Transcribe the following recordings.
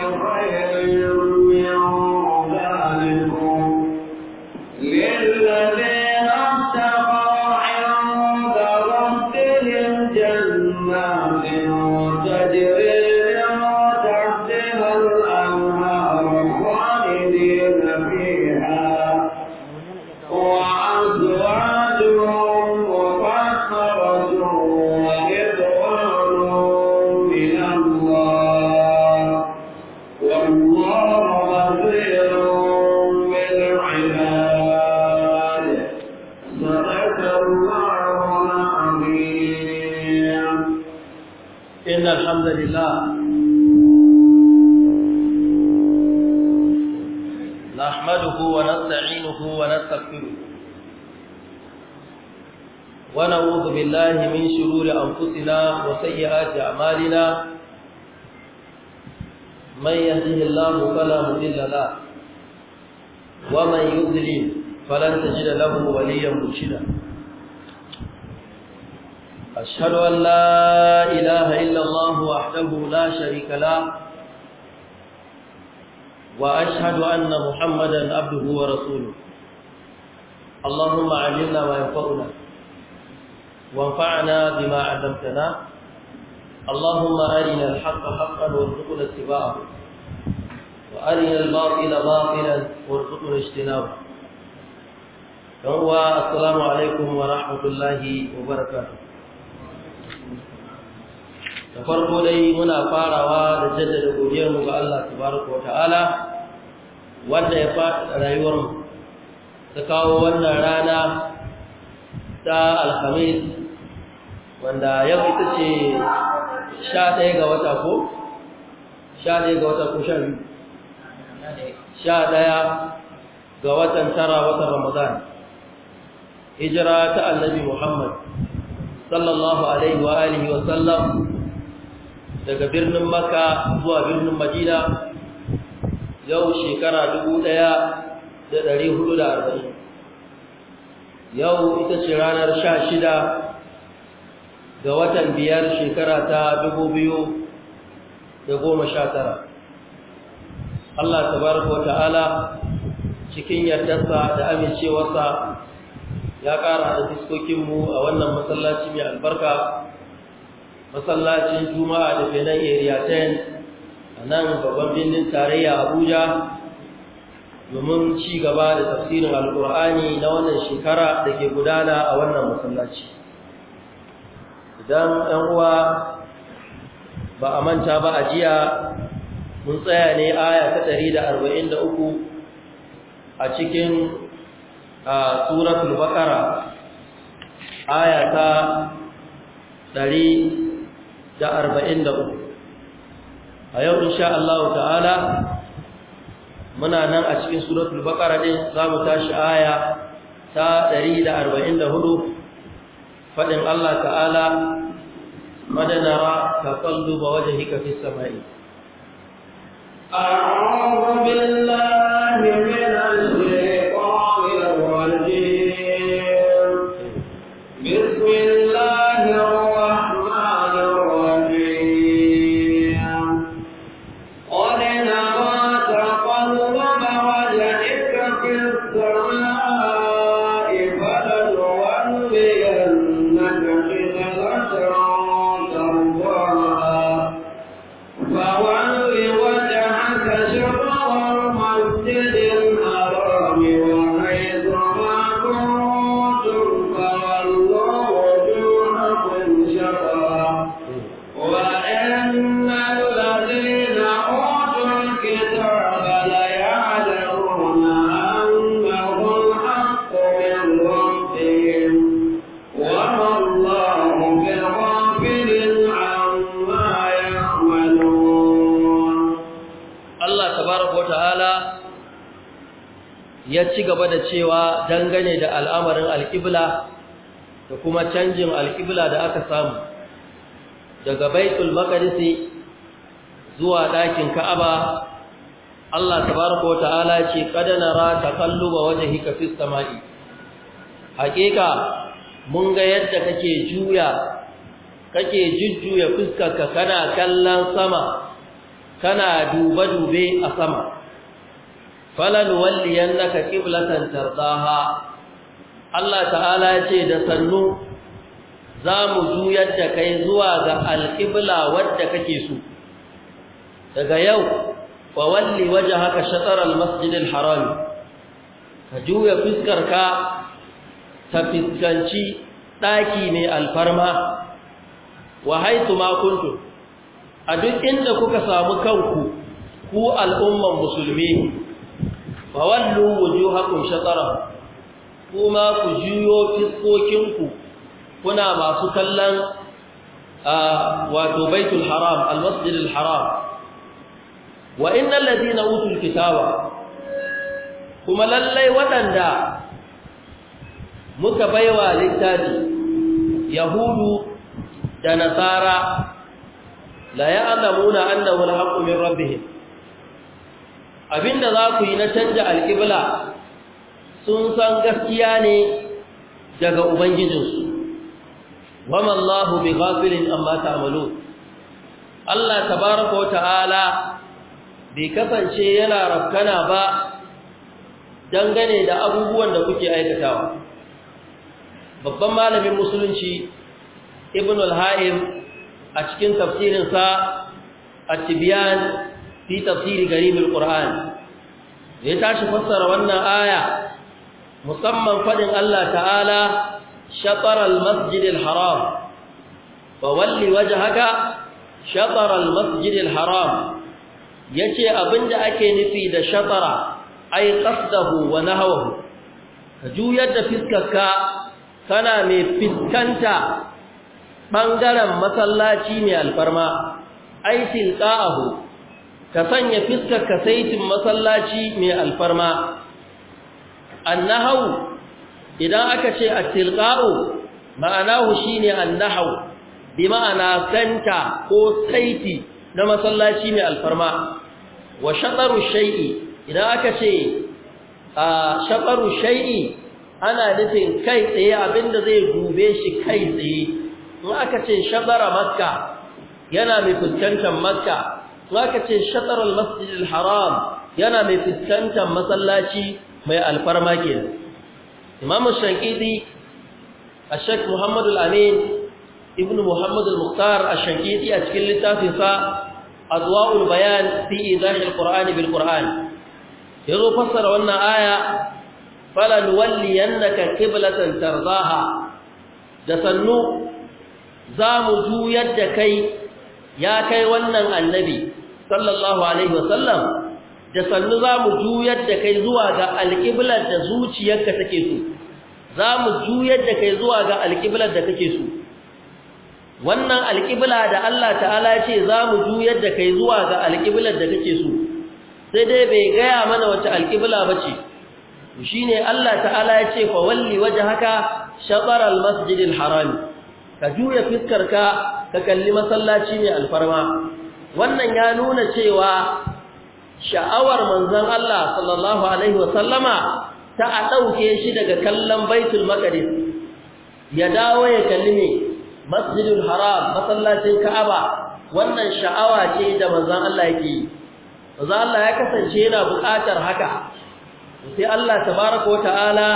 خير من ذلكم للذين أنفسنا وسيئات أعمالنا من يهده الله فلا مضل له ومن يضلل فلن تجد له وليا مرشدا أشهد أن لا إله إلا الله وحده لا شريك له وأشهد أن محمدا عبده ورسوله اللهم علمنا ما ينفعنا وانفعنا بما علمتنا اللهم أرنا الحق حقا وارزقنا اتباعه وأرنا الباطل باطلا وارزقنا اجتنابه فهو السلام عليكم ورحمة الله وبركاته da farko dai muna farawa da jaddada godiyarmu ga Allah tabaraka wa ta'ala wanda ya faɗaɗa rayuwarmu ta kawo wannan rana ta alhamis wanda yau ita ce sha ɗaya ga wata ko sha ɗaya ga wata ko sha biyu sha ɗaya ga watan tara watan ramadan hijira ta annabi muhammad sallallahu alaihi wa alihi wa sallam daga birnin maka zuwa birnin madina yau shekara dubu ɗaya da ɗari hudu da arba'in yau ita ce ranar sha shida ga watan biyar shekara ta dubu biyu da goma sha tara Allah tabaraka ta'ala cikin yardarsa da amincewarsa ya ƙara da fiskokinmu a wannan masallaci mai albarka masallacin juma'a da ke area 10 a nan babban birnin tarayya abuja domin ci gaba da tafsirin alkur'ani na wannan shekara da ke gudana a wannan masallaci idan ɗan uwa ba a manta ba a jiya mun tsaya ne aya ta 143 a cikin a tsura tulbakara aya ta 143 a yau insha Allah ta'ala muna nan a cikin tulbakara ɗin za mu tashi aya ta 144 faɗin Allah ta'ala madanara taqalluba wajhika fis samai a'udhu billahi minal gaba da cewa dangane da al'amarin al'ibla da kuma canjin al'ibla da aka samu daga baitul makarisi zuwa ɗakin ka'aba Allah tabaraka wa ta'ala ce ta ba taqalluba wajhika fis sama'i haƙiƙa mun ga yadda kake juya kake jujjuya fuskarka kana kallon sama kana dube dube a sama falanuwalliyannaka qiblatan tardaha Allah ta'ala ce da sannu zamu juya juyar da kai zuwa ga alƙibla wadda kake so daga yau wa walli wajhaka shatar al-masjid al-haram ka juya ka ta fiskanci daki mai alfarma wa haitu ma a duk inda kuka samu kanku ku al'umman musulmi fawallu wujuhakum shatara kuma ku juyo fiskokinku kuna masu kallon wato baitul haram almasjidil haram wa innal ladina utul kitaba kuma lallai waɗanda muka baiwa littafi yahudu da nasara la ya'lamuna annahu alhaqqu min rabbihim Abin da za ku yi na canja alƙibla sun san gaskiya ne daga ubangijinsu wama Allahu bi ghafilin amma ta'malun Allah tabaaraka wa ta'ala bai kasance yana rafkana ba dangane da abubuwan da kuke aikatawa babban malamin musulunci ibn al-ha'im a cikin tafsirinsa a tibiyan fi tafsiri garibul qur'an da ya tashi fassara wannan aya musamman fadin Allah ta'ala shataral masjidil haram fa walli wajhaka shataral masjidil haram yace abinda ake nufi da shatara ay qasdahu wa nahwahu ka juyar da fiskarka kana mai fiskanta bangaren masallaci mai alfarma aitin qa'ahu ka sanya fiskar ka saitin masallaci mai alfarma annahu idan aka ce at-tilqa'u ma'anahu shine annahu bi ma'ana santa ko saiti na masallaci mai alfarma wa shataru shay'i idan aka ce a shataru shay'i ana nufin kai tsaye abinda zai gube shi kai tsaye in aka ce shatara makka yana mai fuskantar makka ka ce shatarul masjidil haram yana mai fuskantar masallaci mai alfarma kenan imamu shankidi a shek muhammadu al'amin ibn muhammadu al-mukhtar a shankidi a cikin littafinsa adwa'ul bayan fi idahil qur'ani bil Ya yazo fassara wannan aya fala nuwalliyannaka qiblatan tardaha da sannu zamu juyar da kai ya kai wannan annabi sallallahu alaihi wasallam da sannu za mu juyar da kai zuwa ga alƙiblar da zuciyarka take su. za mu juyar da kai zuwa ga alƙiblar da kake su. wannan alƙibla da Allah ta'ala ya ce za mu juyar da kai zuwa ga alƙiblar da kake su. sai dai bai gaya mana wace alƙibla ba ce shi ne Allah ta'ala ya ce fawalli waje haka shaɓar masjidin harami ka juya fiskarka ka kalli masallaci mai alfarma wannan ya nuna cewa sha'awar manzon Allah sallallahu alaihi wasallama ta a ɗauke shi daga kallon baitul maqdis ya dawo ya kalli ne masjidul haram masallacin ka'aba wannan sha'awa ce da manzon Allah yake yi manzon Allah ya kasance yana buƙatar haka sai Allah tabaraka wa ta'ala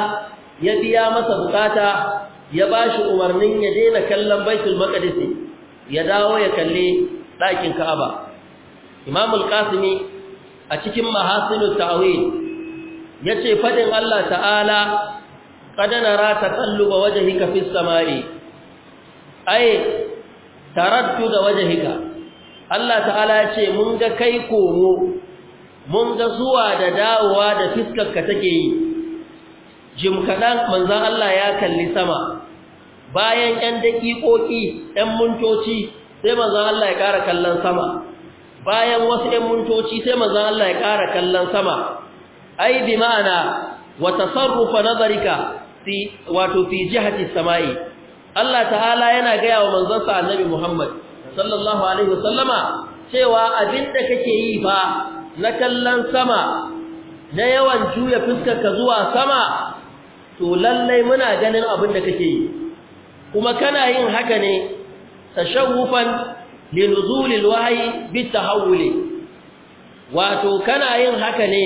ya biya masa buƙata, ya bashi umarnin ya daina kallon baitul maqdis ya dawo ya kalli ɗakin ka'aba imam al-qasimi a cikin mahasinut ta'wil yace faɗin Allah ta'ala qad nara taqalluba wajhika fis samai ay taraddu da wajhika Allah ta'ala ce mun ga kai komo mun ga zuwa da dawowa da fiskarka take yi jim kaɗan manzan Allah ya kalli sama bayan 'yan daƙiƙoƙi 'yan muntoci sai manzon Allah ya ƙara kallon sama bayan wasu 'yan mintoci sai manzon Allah ya ƙara kallon sama ai bi ma'ana wa tasarrufa nazarika wato fi jihati samai Allah ta'ala yana gaya wa manzansa Annabi Muhammad sallallahu alaihi wasallama cewa abinda kake yi fa na kallon sama na yawan juya fuskarka zuwa sama to lallai muna ganin abin da kake yi kuma kana yin haka ne tashawufan linuzulil wahyi bitahawuli wato kana yin haka ne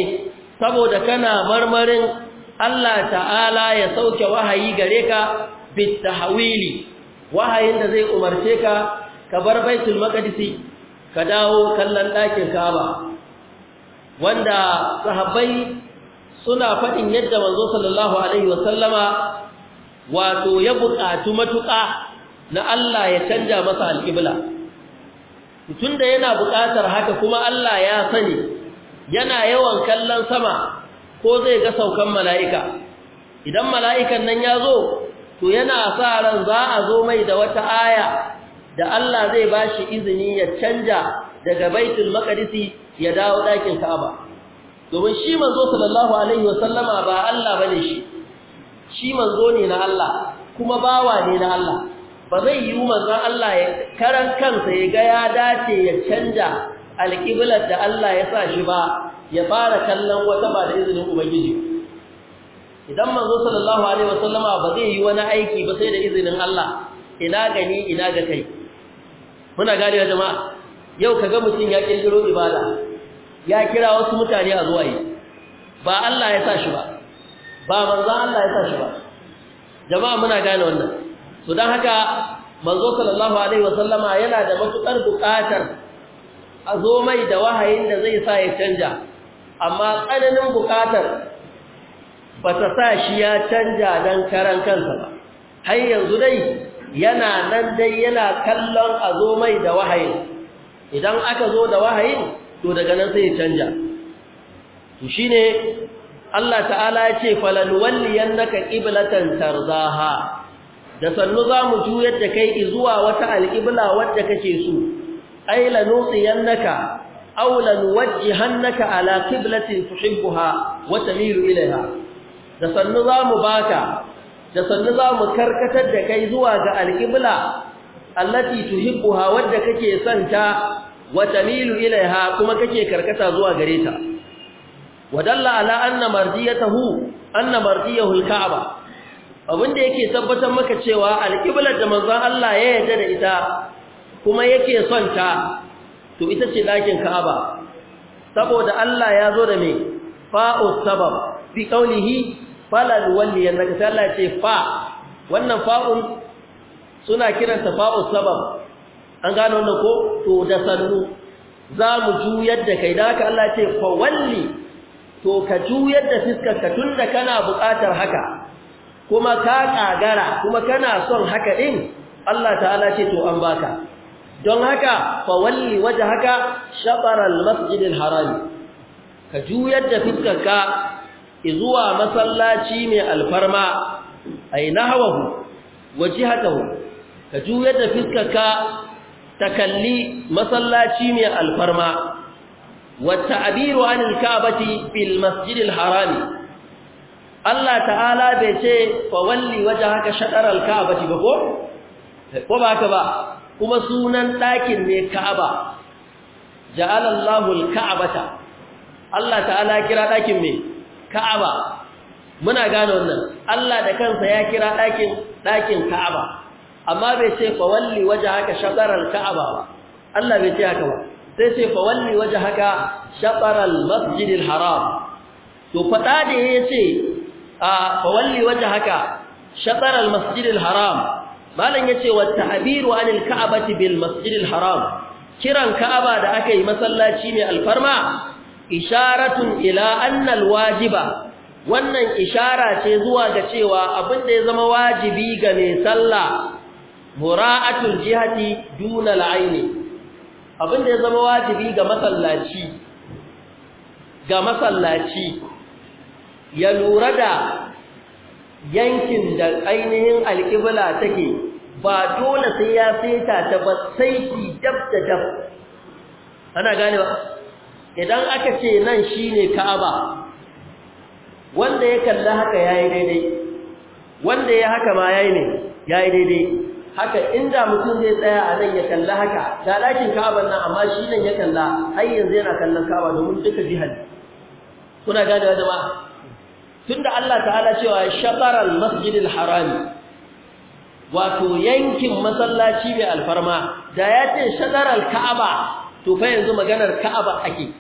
saboda kana marmarin Allah ta'ala ya sauke wahayi gare ka tahwili wahayin da zai umarce ka ka bar baitul maqdisi ka dawo kallon ɗakin Ka'aba wanda sahabbai suna faɗin yadda manzo sallallahu alaihi wasallama wato ya buƙatu matuƙa na Allah ya canja masa alƙibla da yana buƙatar haka kuma Allah ya sani yana yawan kallon sama ko zai ga saukan mala'ika idan mala'ikan nan ya zo to yana sa ran za a zo mai da wata aya da Allah zai bashi izini ya canja daga baitul maqdisi ya dawo ɗakin Ka'aba domin shi manzo sallallahu alaihi wasallama ba Allah bane shi shi manzo ne na Allah kuma bawa ne na Allah ba zai yi manzon Allah ya karan kansa ya ga ya dace ya canja alƙiblar da Allah ya sa shi ba ya fara kallon wata ba da izinin ubangiji idan manzo sallallahu alaihi wasallama ba zai yi wani aiki ba sai da izinin Allah ina gani ina ga kai muna gane jama'a yau kaga mutum ya kirkiro ibada ya kira wasu mutane a zuwa yi ba Allah ya sa shi ba ba manzo Allah ya sa shi ba jama'a muna gane wannan to dan haka manzo sallallahu alaihi wasallama yana da matukar bukatar a zo mai da wahayin da zai sa ya canja amma tsananin buƙatar ba ta sa shi ya canja dan karan kansa ba har yanzu dai yana nan dai yana kallon a zo mai da wahayin idan aka zo da wahayin to daga nan sai ya canja to shine Allah ta'ala ya ce falal naka yannaka tarzaha da sannu za mu juyar da kai izuwa wata al'ibla wadda kake so ai la yannaka aw la hannaka ala qiblatin tuhibbuha wata tamilu ilaiha da sannu za mu baka da sannu za mu karkatar da kai zuwa ga al'ibla allati tuhibbuha wadda kake son ta wa tamilu ilaiha kuma kake karkata zuwa gare ta wadalla ala anna marjiyatahu anna marjiyahu alka'ba abin da yake tabbatar maka cewa alƙiblar da manzon Allah ya yarda da ita kuma yake son ta to ita ce ɗakin Ka'aba saboda Allah ya zo da me fa'u sabab fi qaulihi falal walli annaka sai Allah ce fa wannan fa'u suna kiranta fa'u sabab an gano wannan ko to da sannu za mu juyar da kai da haka Allah ce fa walli to ka juyar da fiskar ka tunda kana buƙatar haka kuma ka kagara kuma kana son haka din Allah ta'ala ce to an baka don haka fa walli wajhaka shatara al-masjid al-haram ka juyar da fuskarka zuwa masallaci mai alfarma ay nahwahu wajhatahu ka juyar da fuskarka ta kalli masallaci mai alfarma wa ta'biru anil ka'bati fil masjid al-haram Allah ta'ala bai ce fa walli wajhaka shataral ka'bati ba ko ko ba ka ba kuma sunan ɗakin ne ka'aba ja'alallahu al-ka'bata Allah ta'ala kira ɗakin me ka'aba muna gane wannan Allah da kansa ya kira ɗakin ɗakin ka'aba amma bai ce fa walli wajhaka shataral ka'aba ba Allah bai ce haka ba sai ce fa walli wajhaka shataral masjidil haram to fada da yace fa walli wajhaka shatar al-masjid al-haram malan yace wa ta'biru anil ka'bati bil masjid haram kiran ka'aba da aka yi masallaci mai alfarma isharatun ila annal wajiba wannan ishara ce zuwa ga cewa abin da ya zama wajibi ga mai sallah mura'atul jihati duna al abin da ya zama wajibi ga ga masallaci ya lura da yankin da ainihin alƙibla take ba dole sai ya saita ta ba sai ki dab da dab ana gane ba idan aka ce nan shine Ka'aba wanda ya kalla haka yayi daidai wanda ya haka ma yayi ne yayi daidai haka inda mutum zai tsaya a nan ya kalla haka ga lakin Ka'aban nan amma shi nan ya kalla har yanzu yana kallon Ka'aba domin duka jihar kuna gane wa jama'a tunda Allah ta'ala cewa shataral masjidil harami wato yankin masallaci mai alfarma da yace ce ka'aba to fa yanzu maganar ka'aba ake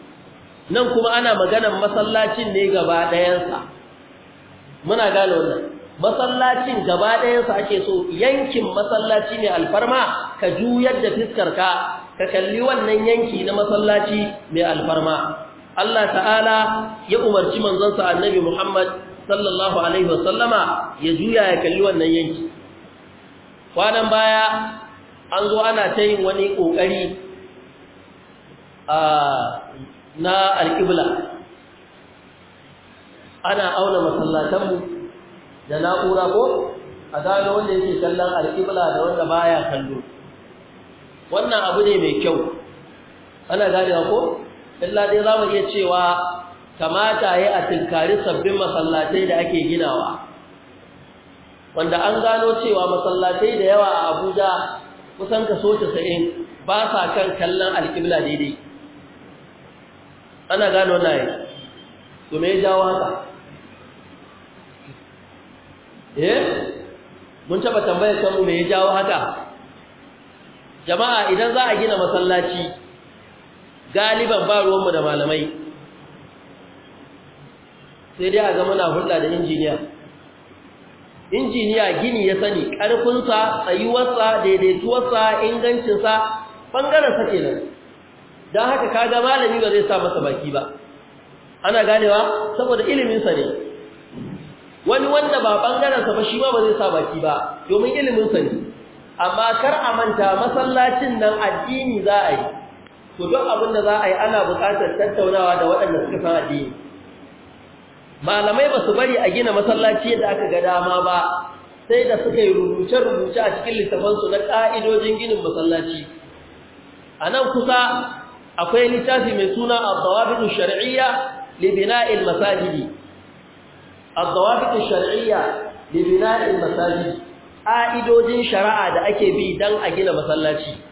nan kuma ana maganar masallacin ne gaba ɗayansa muna gane wannan masallacin gaba ɗayansa ake so yankin masallaci mai alfarma ka juyar da fiskarka ka kalli wannan yanki na masallaci mai alfarma Allah ta'ala ya umarci manzansa annabi Muhammad sallallahu alaihi wasallama ya juya ya kalli wannan yanki kwanan baya an zo ana ta yin wani ƙoƙari ah, na alƙibla ana auna masallatanmu da na'ura ko a zaga wanda yake kallon alƙibla da wanda baya kallo wannan abu ne mai kyau ana ganewa ko illa dai za mu iya cewa kamata ya a tinkari sabbin masallatai da ake ginawa wanda an gano cewa masallatai da yawa a abuja kusan kaso casa'in ba sa kan kallon alƙibla daidai ana gano na yi su mai ya jawo haka eh mun taɓa tambayar kanmu me ya jawo haka jama'a idan za a gina masallaci galiban ba ruwanmu da malamai sai dai a ga muna hulɗa da injiniya injiniya gini ya sani ƙarfinsa tsayuwarsa daidaituwarsa ingancinsa ke nan. don haka kaga malami ba zai sa masa baki ba ana ganewa saboda iliminsa ne wani wanda ba sa ba shi ma ba zai sa baki ba domin iliminsa ne amma kar a manta masallacin nan addini za a yi to duk abin da za a yi ana buƙatar tattaunawa da waɗanda suka san addini malamai ba su bari a gina masallaci yadda aka ga dama ba sai da suka yi rubuce-rubuce a cikin littafansu na ƙa'idojin ginin masallaci a nan kusa akwai littafi mai suna abdawabidu shari'iyya libina'il masajidi abdawabidu shari'iyya libina'il masajidi ƙa'idojin shari'a da ake bi don a gina masallaci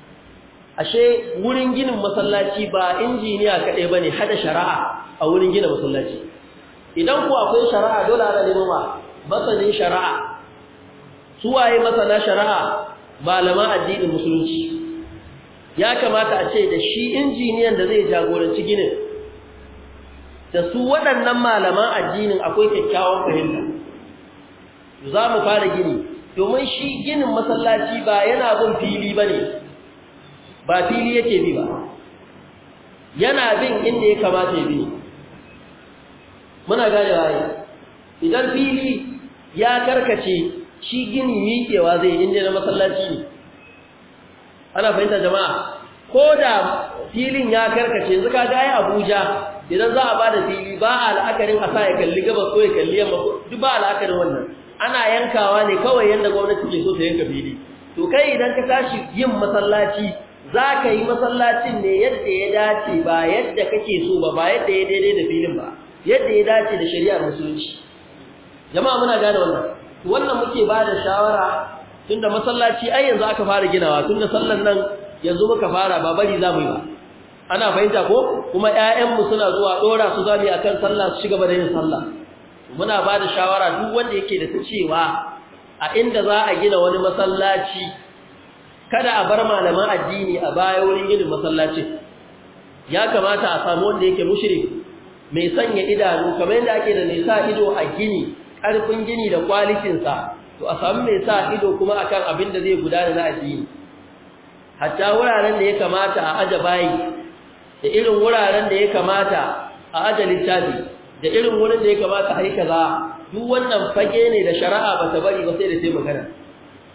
ashe wurin ginin masallaci ba injiniya kaɗai ba ne haɗa shari'a a wurin gina masallaci idan ku akwai shari'a dole ana neman ma masanin shari'a su waye masana shari'a malaman addinin musulunci ya kamata a ce da shi injiniyan da zai jagoranci ginin da su waɗannan malaman addinin akwai kyakkyawan fahimta za mu fara gini domin shi ginin masallaci ba yana bin fili ba ne ba fili yake bi ba yana bin inda ya kamata bi muna gane waye idan fili ya karkace shi gini miƙewa zai inda na masallaci ne ana fahimta jama'a ko da filin ya karkace yanzu ka ga Abuja idan za a bada fili ba a la'akarin a sa ya kalli gaba ko ya kalli yamma duk ba la'akarin wannan ana yankawa ne kawai yanda gwamnati ke so ta yanka fili to kai idan ka tashi yin masallaci za ka yi masallacin ne yadda ya dace ba yadda kake so ba ba yadda ya daidai da filin ba yadda ya dace da shari'ar musulunci jama'a muna gane wannan wannan muke ba da shawara tunda masallaci ai yanzu aka fara ginawa tunda sallan nan yanzu muka fara ba bari za mu yi ba ana fahimta ko kuma mu suna zuwa dora su zabi akan sallah su shiga da yin sallah muna ba da shawara duk wanda yake da ta cewa a inda za a gina wani masallaci kada a bar malaman addini a baya wurin ilimin masallaci ya kamata a samu wanda yake mushrik mai sanya idanu kamar yadda ake da mai sa ido a gini karfin gini da kwalitinsa to a samu mai sa ido kuma akan abin da zai gudana na addini hatta wuraren da ya kamata a aje bayi da irin wuraren da ya kamata a aje littafi da irin wurin da ya kamata a yi kaza duk wannan fage ne da shari'a ba ta bari ba sai da sai magana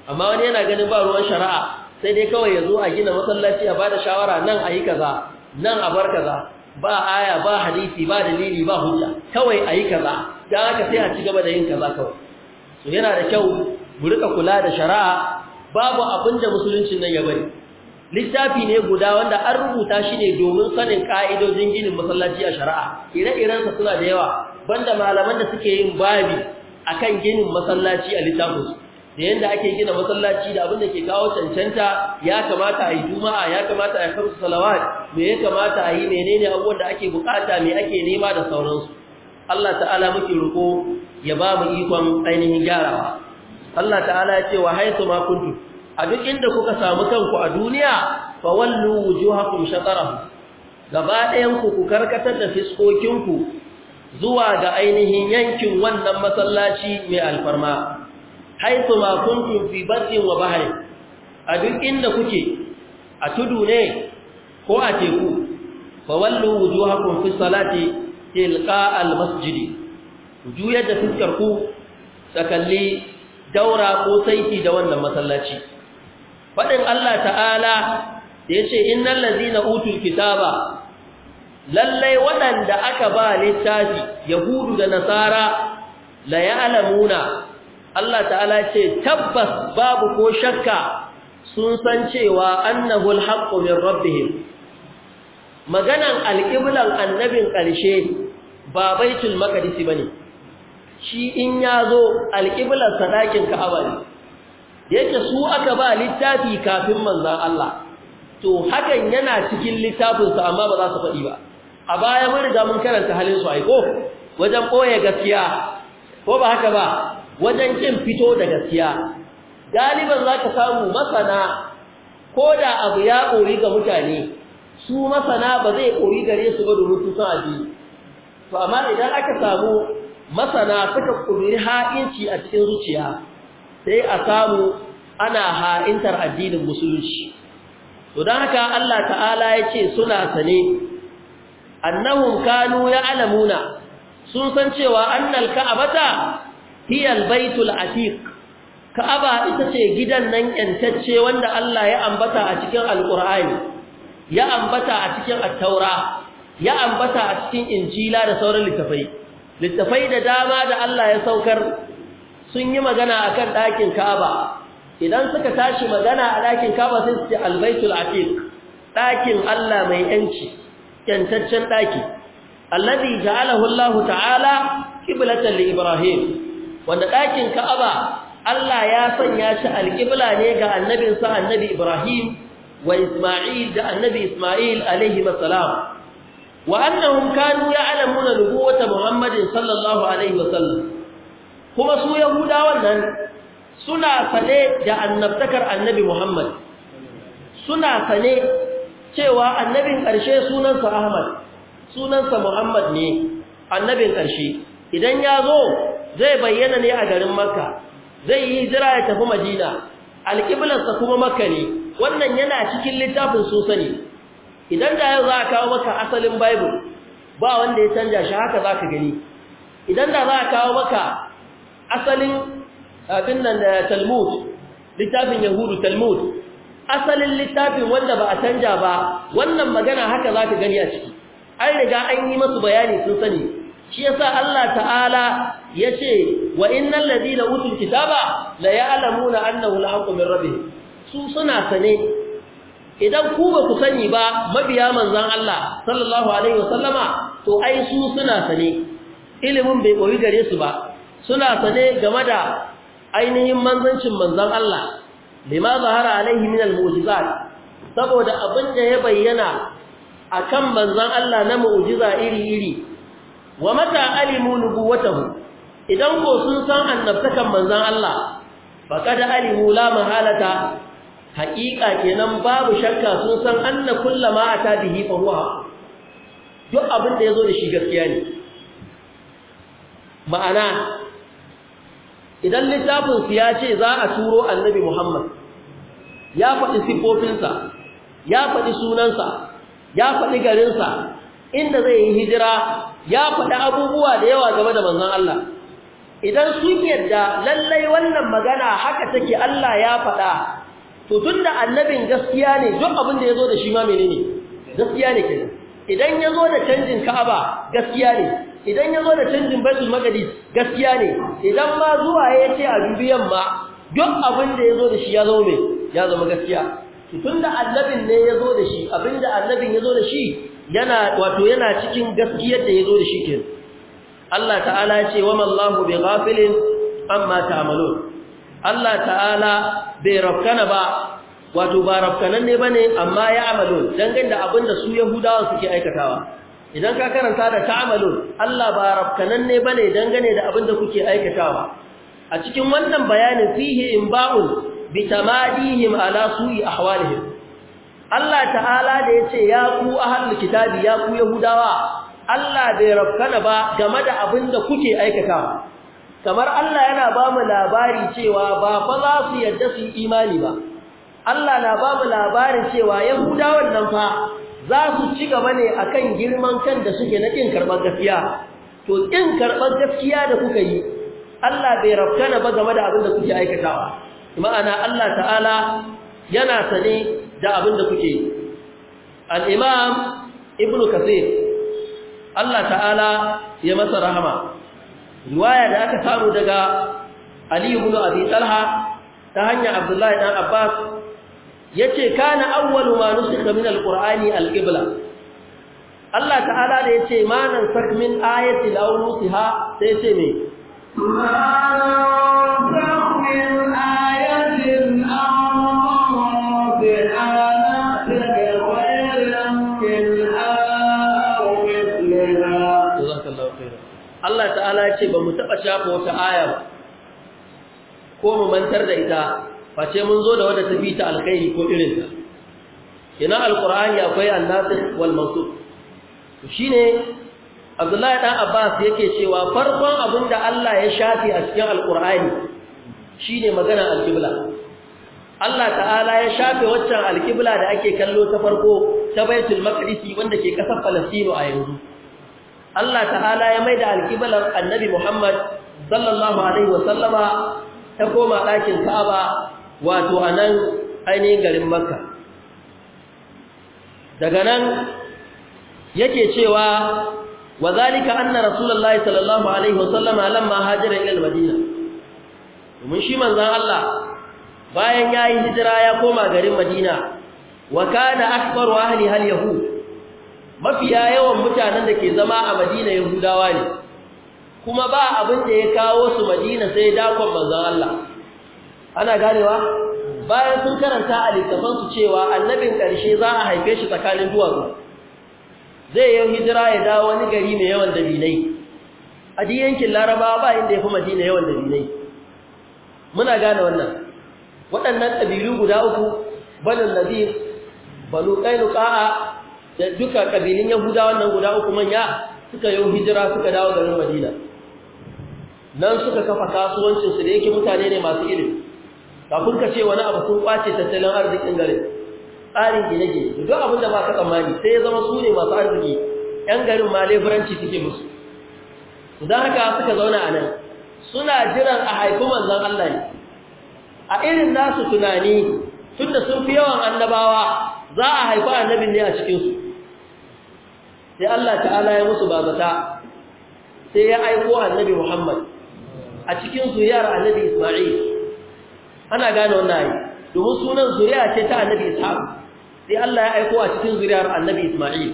amma wani yana ganin ba ruwan shari'a sai dai kawai ya zo a gina masallaci a bada shawara nan a yi kaza nan a bar kaza ba aya ba hadisi ba dalili ba hujja kawai a yi kaza da aka sai a ci gaba da yin kaza kawai so yana da kyau mu rika kula da shari'a babu abin da musulunci nan ya bari littafi ne guda wanda an rubuta shi ne domin sanin ka'idojin ginin masallaci a shari'a ire-irensa suna da yawa banda malaman da suke yin babi akan ginin masallaci a littafinsu da yanda ake gina masallaci da abin da ke kawo cancanta ya kamata a yi juma'a ya kamata a yi kamsu salawat me ya kamata a yi menene abubuwan da ake bukata me ake nema da sauransu Allah ta'ala muke roko ya ba mu ikon ainihin gyarawa Allah ta'ala ya ce wa haisu ma kuntu a duk inda kuka samu kanku a duniya fa wallu wujuhakum shatarahu gaba ɗayan ku ku karkatar da fiskokinku zuwa ga ainihin yankin wannan masallaci mai alfarma haifu ma kuntum fi barrin wa bahri a duk inda kuke a tudu ne ko a teku fa wallu wujuhakum fi salati tilqa al masjid wujuyar da fuskar ku sakalli daura ko saiti da wannan masallaci fadin Allah ta'ala yace innal ladzina utul kitaba lallai waɗanda aka ba littafi yahudu da nasara la ya'lamuna Allah ta'ala ce tabbas babu ko shakka sun san cewa annahu alhaqqu min rabbihim maganan alqiblan annabin ƙarshe ba baitul maqdis bane shi in yazo alqiblar sadakin ka'aba ne yake su aka ba littafi kafin manzon Allah to hakan yana cikin littafinsa amma ba za su faɗi ba a baya mun riga mun karanta halin su aiko wajen ɓoye gaskiya ko ba haka ba wajen kin fito da gaskiya galiban za ka samu masana ko da abu ya ƙori ga mutane su masana ba zai ƙori gare su ba domin san addini to amma idan aka samu masana suka kuduri ha'inci a cikin zuciya sai a samu ana ha'intar addinin musulunci to don haka Allah ta'ala ya suna sane annahum kanu ya'lamuna sun san cewa annal ka'abata hiyal baitul atiq ka'aba ita ce gidan nan 'yantacce, wanda Allah ya ambata a cikin alqur'ani ya ambata a taura ya ambata a cikin injila da sauran littafai littafai da dama da Allah ya saukar sun yi magana akan ɗakin ka'aba idan suka tashi magana a ɗakin ka'aba sai su ce al ɗakin Allah mai yanci kentaccen ɗaki alladhi ja'alahu ta'ala qiblatan li Ibrahim wanda ɗakin Ka'aba Allah ya sanya shi alƙibla ne ga annabinsa annabi Ibrahim wa Isma'il da annabi Isma'il alaihi salam wa annahum kanu ya'lamuna nubuwwata Muhammadin sallallahu alaihi wasallam kuma su Yahudawan nan suna sane da annabtakar annabi Muhammad suna sane cewa annabin ƙarshe sunansa Ahmad sunansa Muhammad ne annabin ƙarshe idan ya zo zai bayyana ne a garin makka zai yi hijira ya tafi madina alƙiblarsa kuma makka ne wannan yana cikin littafin su sani idan da za a kawo maka asalin bible ba wanda ya canja shi haka za ka gani idan da za a kawo maka asalin abin nan da eh, talmud littafin yahudu talmud asalin littafin wanda ba a canja ba wannan magana haka za ka gani a ciki an riga an yi masu bayani sun sani shi yasa Allah ta'ala yace wa innal ladina utul kitaba la ya'lamuna annahu al-haqqu min rabbih su suna sane idan ku ba ku sani ba mabiya manzon Allah sallallahu alaihi wasallama to ai su suna sane ilimin bai koyi gare su ba suna sane game da ainihin manzancin manzon Allah lima zahara alaihi min al-mu'jizat saboda abin da ya bayyana akan manzon Allah na mu'jiza iri-iri wa mata alimu nubuwatahu idan ko sun san annabtakan Manzan Allah kada alimu la mahalata haƙiƙa kenan babu shakka sun san anna ma ata bihi fa huwa duk abin da zo da shi gaskiya ne ma'ana idan littafin su ya ce za a turo annabi Muhammad ya faɗi sifofinsa ya faɗi sunansa ya faɗi garinsa inda zai yi hijira ya faɗi abubuwa da yawa game da manzon Allah idan sun yadda lallai wannan magana haka take Allah ya faɗa to tunda annabin gaskiya ne duk abin da yazo da shi ma menene gaskiya ne kenan idan yazo da canjin Ka'aba gaskiya ne idan yazo da canjin Baitul Maqdis gaskiya ne idan ma zuwa yace a dubiyan ma duk abin da yazo da shi ya zo me ya zama gaskiya tunda annabin ne yazo da shi abinda annabin yazo da shi yana wato yana cikin gaskiyar da yazo da shi kenan Allah ta'ala ya ce wa mallahu bi ghafilin amma ta'malun Allah ta'ala bai rafkana ba wato ba rafkanan ne bane amma ya amalun dangane da abinda su yahudawa suke aikatawa idan ka karanta da ta'malun Allah ba rafkanan ne bane dangane da abinda kuke aikatawa a cikin wannan bayanin fihi imba'un bi tamadihim ala su'i ahwalihim Allah ta'ala da yace ya ku ahlul kitabi ya ku yahudawa Allah bai rafkana ba game da abin da kuke aikata kamar Allah yana ba mu labari cewa ba fa za su yadda su imani ba Allah na ba mu labarin cewa Yahudawan wannan fa za su ci gaba ne akan girman kan da suke na kin karɓar gaskiya to kin karɓar gaskiya da kuka yi Allah bai rafkana ba game da abin da kuke aikatawa ma'ana Allah ta'ala yana sane da abin da kuke al-imam ibnu kasir Allah ta'ala ya masa rahama riwaya da aka samu daga Ali ibn Abi Talha ta hanya Abdullahi dan Abbas yace kana awwalu ma nusikha min al-Qur'ani al-qibla Allah ta'ala da yace ma nan sak min ayati law nusiha sai yace me Subhanallah min ayatin aw Allah ta'ala ce ba mu taɓa shafa wata aya ba ko mu mantar da ita ce mun zo da wadda ta bi ta alkhairi ko irinta ina alkur'ani akwai annasikh wal mansukh to shine Abdullahi dan Abbas yake cewa farkon abin da Allah ya shafi a cikin alkur'ani shine magana alqibla Allah ta'ala ya shafe waccan alqibla da ake kallo ta farko ta Baitul maƙarisi wanda ke kasar Falastinu a yanzu Allah ta'ala ya maida alƙiblar annabi Muhammad sallallahu alaihi wasallama ta koma ɗakin Ka'aba wato a nan ainihin garin Makka daga nan yake cewa wa zalika anna rasulullahi sallallahu alaihi wasallama lamma hajara ila al-madina domin shi manzon Allah bayan yayi hijira ya koma garin Madina wa kana akbaru ahli hal yahud mafiya yawan mutanen da ke zama a madina yahudawa ne kuma ba abin da ya kawo su madina sai dakon manzon Allah ana ganewa bayan sun karanta a su cewa annabin ƙarshe za a haife shi tsakanin duwatsu zai yau hijira ya dawo wani gari mai yawan dabinai a duk yankin larabawa ba inda ya fi madina yawan dabinai muna gane wannan waɗannan ƙabilu guda uku banin nazir banu ƙainuka'a da duka kabilin Yahudawa nan guda uku manya suka yi hijira suka dawo garin madina nan suka kafa kasuwancinsu da yake mutane ne masu ilimi kafin ka ce wani abu sun kwace tattalin arzikin garin tsarin gine-gine duk abin da ba ka tsammani sai ya zama su ne masu arziki ‘yan garin ma laifuranci suke musu don haka suka zauna a nan suna jiran a haifi manzan Allah ne a irin nasu tunani tunda sun fi yawan annabawa za a haifi annabin ne a cikinsu sai Allah ta'ala ya musu bazata sai ya aiko annabi Muhammad a cikin zuriyar annabi Isma'il ana gane wannan ayi domin sunan zuriya ce ta annabi Ishaq sai Allah ya aiko a cikin zuriyar annabi Isma'il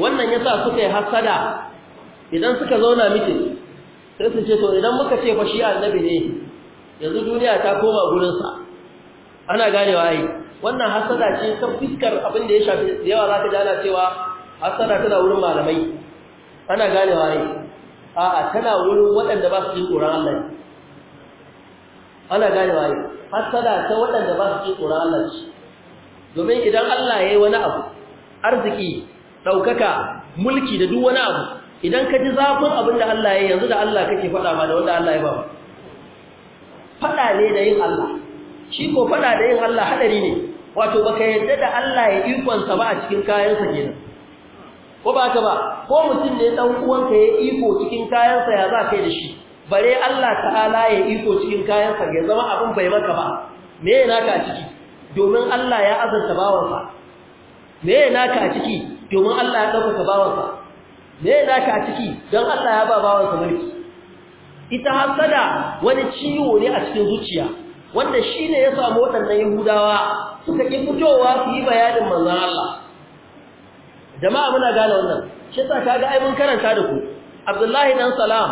wannan yasa suka yi hasada idan suka zauna miki sai su ce to idan muka ce fa shi annabi ne yanzu duniya ta koma gurin sa ana ganewa ai wannan hasada ce ta fiskar abin da ya shafi da yawa za ji ana cewa asana tana wurin malamai ana ganewa ne a'a tana wurin waɗanda ba su ji ƙoran Allah ne ana ganewa ne hasana ta waɗanda ba su ji ƙoran Allah ce domin idan Allah ya yi wani abu arziki ɗaukaka mulki da duk wani abu idan ka ji zafin abin da Allah ya yi, yanzu da Allah kake faɗa ba da wanda Allah ya ba faɗa ne da yin Allah shi ko faɗa da yin Allah haɗari ne wato baka yadda da Allah ya ikonsa ba a cikin kayansa kenan ko ba ka ba ko mutum ne dan uwanka ya iko cikin kayansa ya za kai da shi bare Allah ta'ala ya iko cikin kayansa ya zama abin bai maka ba me yana ka ciki domin Allah ya azanta bawansa me yana ka ciki domin Allah ya dauka bawansa me yana ka ciki don Allah ya ba bawansa mulki ita hasada wani ciwo ne a cikin zuciya wanda shine ya samu waɗannan yahudawa suka ki fitowa su yi bayanin manzon Allah jama'a muna gane wannan shi yasa kaga ai mun karanta da ku Abdullahi dan Salam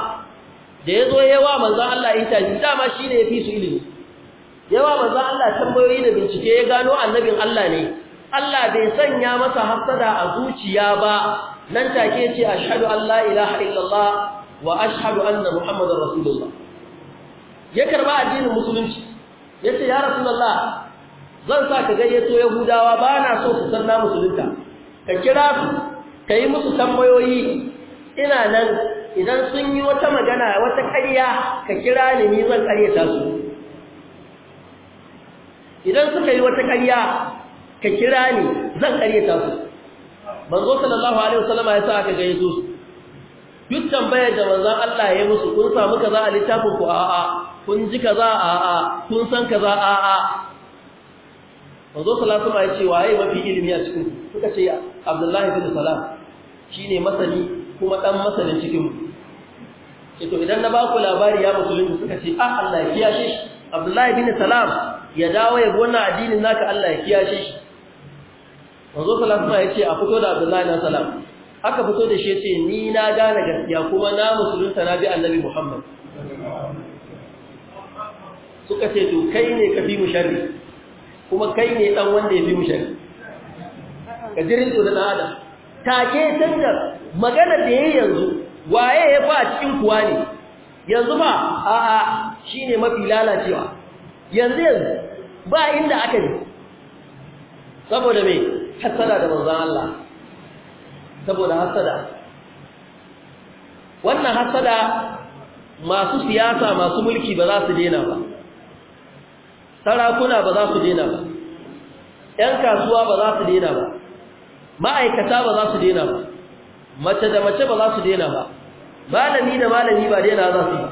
da yazo yawa manzon Allah interview dama shine yafi su ilimi yawa manzon Allah tambayoyi da bincike ya gano annabin Allah ne Allah bai sanya masa hasada a zuciya ba nan take ce ashhadu an la ilaha illallah wa ashhadu anna muhammadar rasulullah ya karba addinin musulunci yace ya rasulullah zan sa ka gayyato yahudawa ba na so su na musulunta ka kira su ka yi musu tambayoyi ina nan idan sun yi wata magana wata ƙarya ka kira ni ni zan ƙaryata su idan suka yi wata ƙarya ka kira ni zan ƙaryata su manzo sallallahu alaihi wasallam ya sa aka ga Yesu duk tambayar da manzon Allah ya musu kun samu kaza a littafin ku a'a kun ji kaza a'a kun san kaza a'a manzo sallallahu alaihi ya ce waye mafi ilimi a cikin suka ce abdullahi bin salam shine masani kuma dan masanin cikin mu ce to idan na baku labari ya musulunci suka ce ah Allah ya kiyashe shi abdullahi bin salam ya dawo ya gona wannan addinin naka Allah ya kiyashe shi manzo sallallahu alaihi ya ce a fito da abdullahi bin salam aka fito da shi ya ce ni na gane gaskiya kuma na musulunta na bi annabi muhammad suka ce to kai ne ka fi mu kuma kai ne dan wanda ya fi mu shari ka jirin da dan adam take tangar magana da yayi yanzu waye ya fa cikin kuwa ne yanzu ba a a shine mafi lalacewa yanzu yanzu ba inda aka ne saboda me hasada da manzon Allah saboda hasada wannan hasada masu siyasa masu mulki ba za su daina ba sarakuna ba za su daina ba ‘yan kasuwa ba za su daina ba ma'aikata ba za su daina ba mace da mace ba za su daina ba malami da malami ba daina za su ba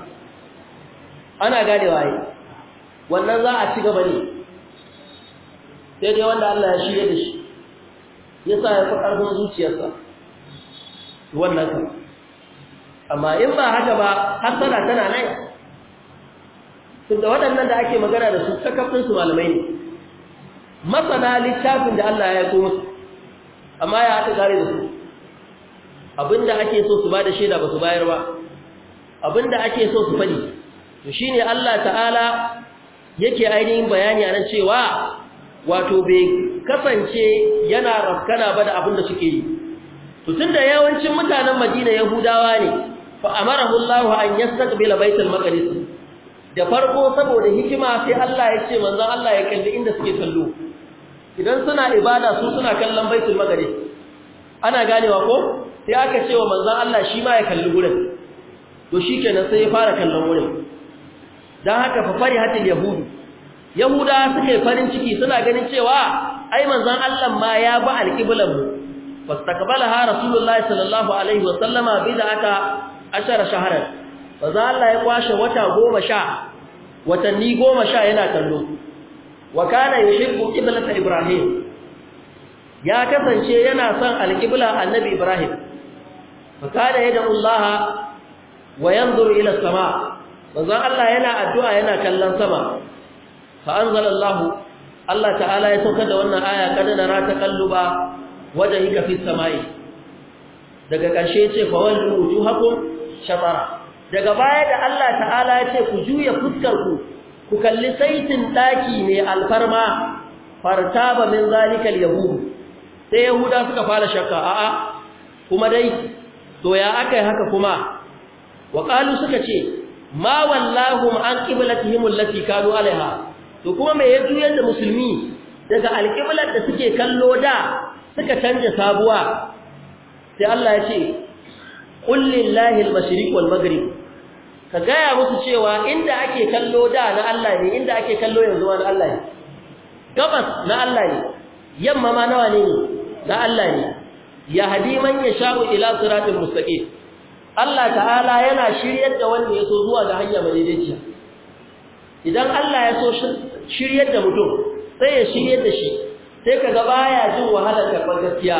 ana gane waye wannan za a ci gaba ne sai dai wanda Allah ya shirya da shi ya sa ya fi ƙarfin zuciyarsa wannan kan amma in ba haka ba har tana tana nan Tunda da waɗannan da ake magana da su kakafin su malamai ne masana littafin da Allah ya yi musu amma ya haɗu kare da su da ake so su ba da shaida ba su bayar ba abin da ake so su faɗi to ne Allah ta'ala yake ainihin bayani a nan cewa wato bai kasance yana rafkana ba da abin da suke yi to tunda yawancin mutanen Madina Yahudawa ne fa amarahu Allah an yastaqbila baitul maqdis da farko saboda hikima sai Allah ya ce manzon Allah ya kalli inda suke kallo idan suna ibada su suna kallon baitul magadi ana ganewa ko sai aka cewa wa manzon Allah shi ma ya kalli gurin to shikenan sai ya fara kallon gurin dan haka fa farihatul yahudi yahuda suke farin ciki suna ganin cewa ai manzon Allah ma ya bi alqiblan mu fastaqbalaha rasulullahi sallallahu alaihi wasallama aka ashara shahran za Allah ya kwashe wata goma sha watanni goma sha yana kallo wa kana yuhibbu qiblata ibrahim ya kasance yana son alqibla annabi ibrahim fa kana yad'u allah wa yanzuru ila sama manzon allah yana addu'a yana kallon sama fa anzala allah allah ta'ala ya saukar da wannan aya kada nara ta kalluba wajhika fis daga ƙarshe ce fa wallu wujuhakum shatara daga baya da Allah ta'ala ya ce ku juya fuskarku ku kalli saitin daki mai alfarma fartaba min zalikal yahud sai yahuda suka fara shakka a'a kuma dai to ya akai haka kuma wa qalu suka ce ma wallahu an qiblatihim allati kanu alaiha to kuma me ya juyar da musulmi daga alqiblat da suke kallo da suka canja sabuwa sai Allah ya ce qul lillahi al-mashriq wal maghrib ka gaya musu cewa inda ake kallo da na Allah ne inda ake kallo yanzu na Allah ne gabas na Allah ne yamma ma nawa ne na Allah ne yahdi man yasha'u ila siratil mustaqim Allah ta'ala yana shiryar da wanda ya so zuwa ga hanya mai daidaiciya idan Allah ya so shiryar da mutum sai ya shiryar da shi sai kaga baya jin wahalar karɓar gaskiya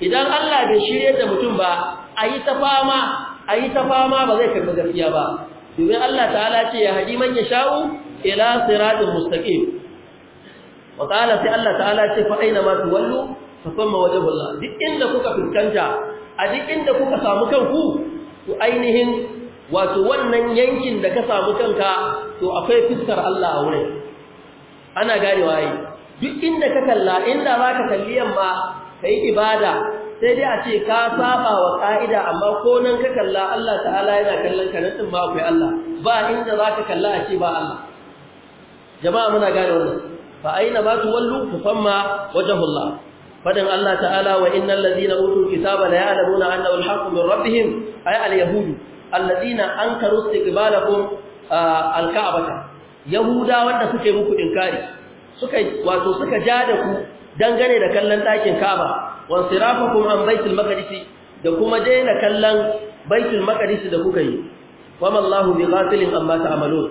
idan Allah bai shiryar da mutum ba a yi ta fama a yi ta fama ba zai karɓi gaskiya ba domin Allah ta'ala ce ya haɗi man ya sha'u ila siratin mustaqim wa ta'ala sai Allah ta'ala ce fa aina ma tuwallu fa thumma wajhullah duk inda kuka fuskanta a duk inda kuka samu kanku to ainihin wato wannan yankin da ka samu kanka to akwai fuskar Allah a wurin ana gane waye duk inda ka kalla inda za ka kalli yamma ka yi ibada sai dai a ce ka saba wa ka'ida amma ko nan ka kalla Allah ta'ala yana kallon ka nan ma akwai Allah ba inda za ka kalla a ce ba Allah jama'a muna gane wannan fa aina ma wallu fa famma wajhullah fadan Allah ta'ala wa innal ladina utul kitaba la ya'lamuna annahu al-haqqu min rabbihim ay al-yahud alladina ankaru istiqbalakum al-ka'bata yahuda wanda suke muku inkari suka wato suka ja da ku dangane da kallon ɗakin Ka'aba wa sirafakum an baitul maqdis da kuma daina kallon baitul maqdis da kuka yi wa ma bi bighafilin amma ta'malun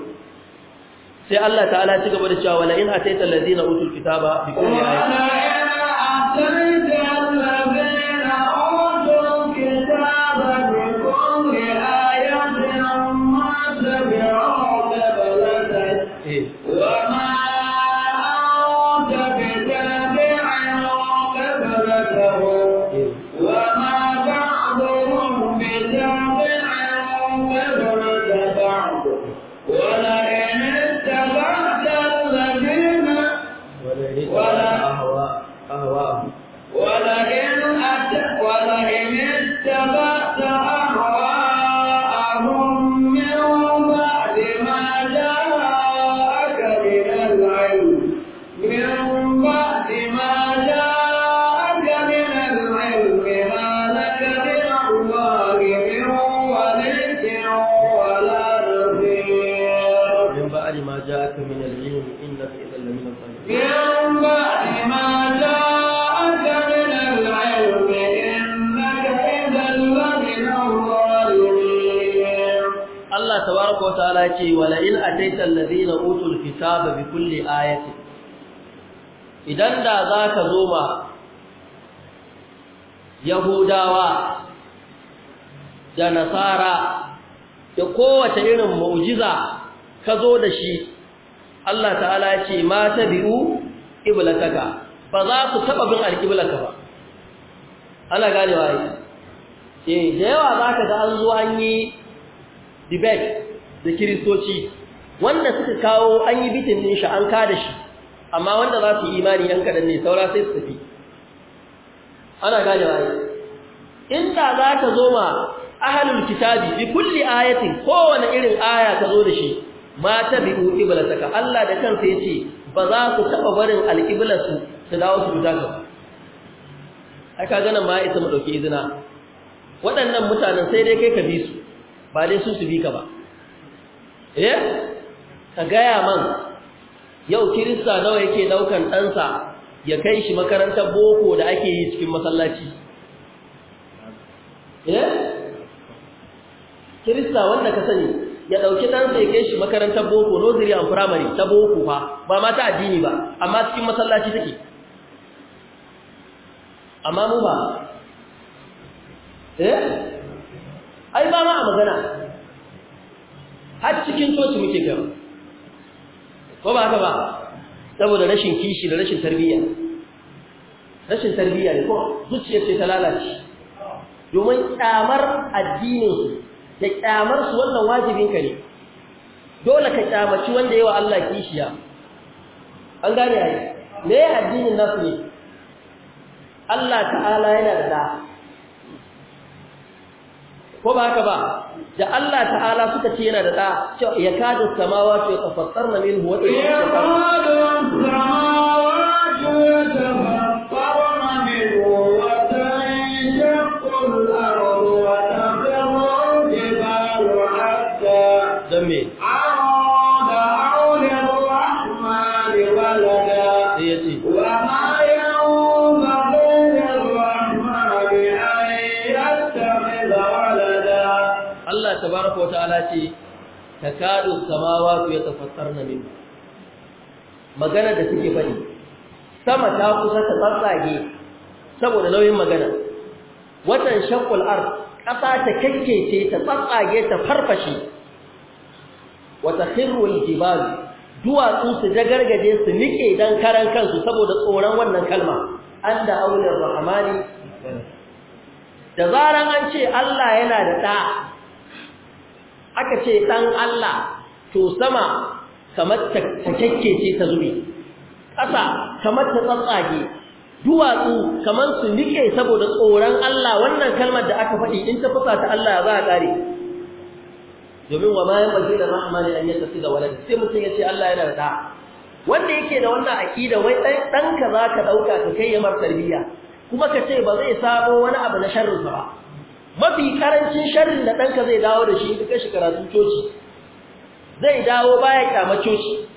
sai Allah ta'ala ci gaba da cewa wala in ataita allazina utul kitaba bi kulli ayatin Allah tabaraka wa ta'ala ce wala in ataita alladhina utul kitaba bi kulli ayati idan da zaka zo ma yahudawa da nasara da kowace irin mu'jiza ka zo da shi Allah ta'ala ya ce ma bi'u iblataka ba za ku taba bin alqiblaka ba ana ganewa ai eh da yawa zaka ga an zo an yi debate da kiristoci wanda suka kawo an yi bitin din shi an kada shi amma wanda za su yi imani yan kadan ne saura sai su tafi ana ganewa ai inda za ka zo ma ahlul kitabi bi kulli ayatin kowane irin aya ta zo da shi ma tabi'u ka Allah da kansa yace ba za ku taba barin alqiblatu su dawo su ka ai ka gana ma ita mu izina waɗannan mutanen sai dai kai ka bi su ba dai su su bi ka ba eh ka gaya man yau kirista nawa yake daukan ɗansa ya kai shi makarantar boko da ake yi cikin masallaci eh kirista wanda ka sani ya dauki ɗansa ya kai shi makarantar boko nursery and primary ta boko fa ba ma ta addini ba amma cikin masallaci take amma mu ba eh ai ba ma a magana har cikin coci muke gaba, ko ba haka ba saboda rashin kishi da rashin tarbiyya rashin tarbiyya ne ko zuciyar ce ta lalace domin tsamar addinin da kyamar su wannan wajibin ka ne dole ka kyamaci wanda yawa Allah kishiya an gane ai me addinin nasu ne Allah ta'ala yana da da ko ba haka ba da Allah ta'ala suka ce yana da da ya kada samawa ta to ya tafattarna minhu wa ta'ala dan me arada aulir rahmani walada sai yace wa ma Allah tabaraka wa ta'ala ce takadu samawati na min magana da suke faɗi sama ta kusa ta tsatsage saboda nauyin magana watan shaqul ard ƙasa ta kakkece ta tsatsage ta farfashe Wata takhirrul jibal duwatsu su jagargaje su nike dan karan kansu saboda tsoron wannan kalma anda aulir rahmani da zaran an ce Allah yana da da aka ce dan Allah to sama kamar ta takke ce ta zube ƙasa kamar ta tsatsage duwatsu kamar su nike saboda tsoron Allah wannan kalmar da aka faɗi in ta fusa ta Allah za a kare. domin wa ma yanbaghi lir rahmani an yattakhidha walada sai mutum ya ce Allah yana da da wanda yake da wannan aqida wai dan ka zaka dauka ka kai yamar tarbiya kuma ka ce ba zai sabo wani abu na sharrin ba mafi karancin sharrin da danka zai dawo da shi duk shi karatu coci zai dawo baya kyama coci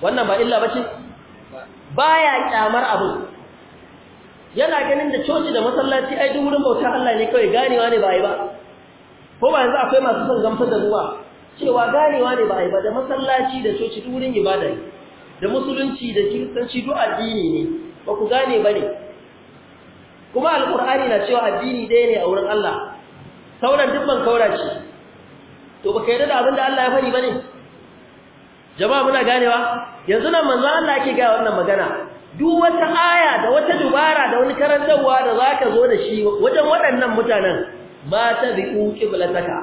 wannan ba illa bace baya kyamar abu yana ganin da coci da masallaci ai duk wurin bauta Allah ne kawai ganewa ne ba yi ba ko ba yanzu akwai masu son gamsar da ruwa cewa ganewa ne ba a yi ba da masallaci da coci turin wurin ibada ne da musulunci da kiristanci duk addini ne ba ku gane ba ne kuma alkur'ani na cewa addini ɗaya ne a wurin Allah sauran ban kaura ce to baka yarda da abin da Allah ya fari ba ne jama'a muna ganewa yanzu nan manzo Allah yake ga wannan magana duk wata aya da wata dubara da wani karantarwa da zaka zo da shi wajen waɗannan mutanen ma tadqu qiblataka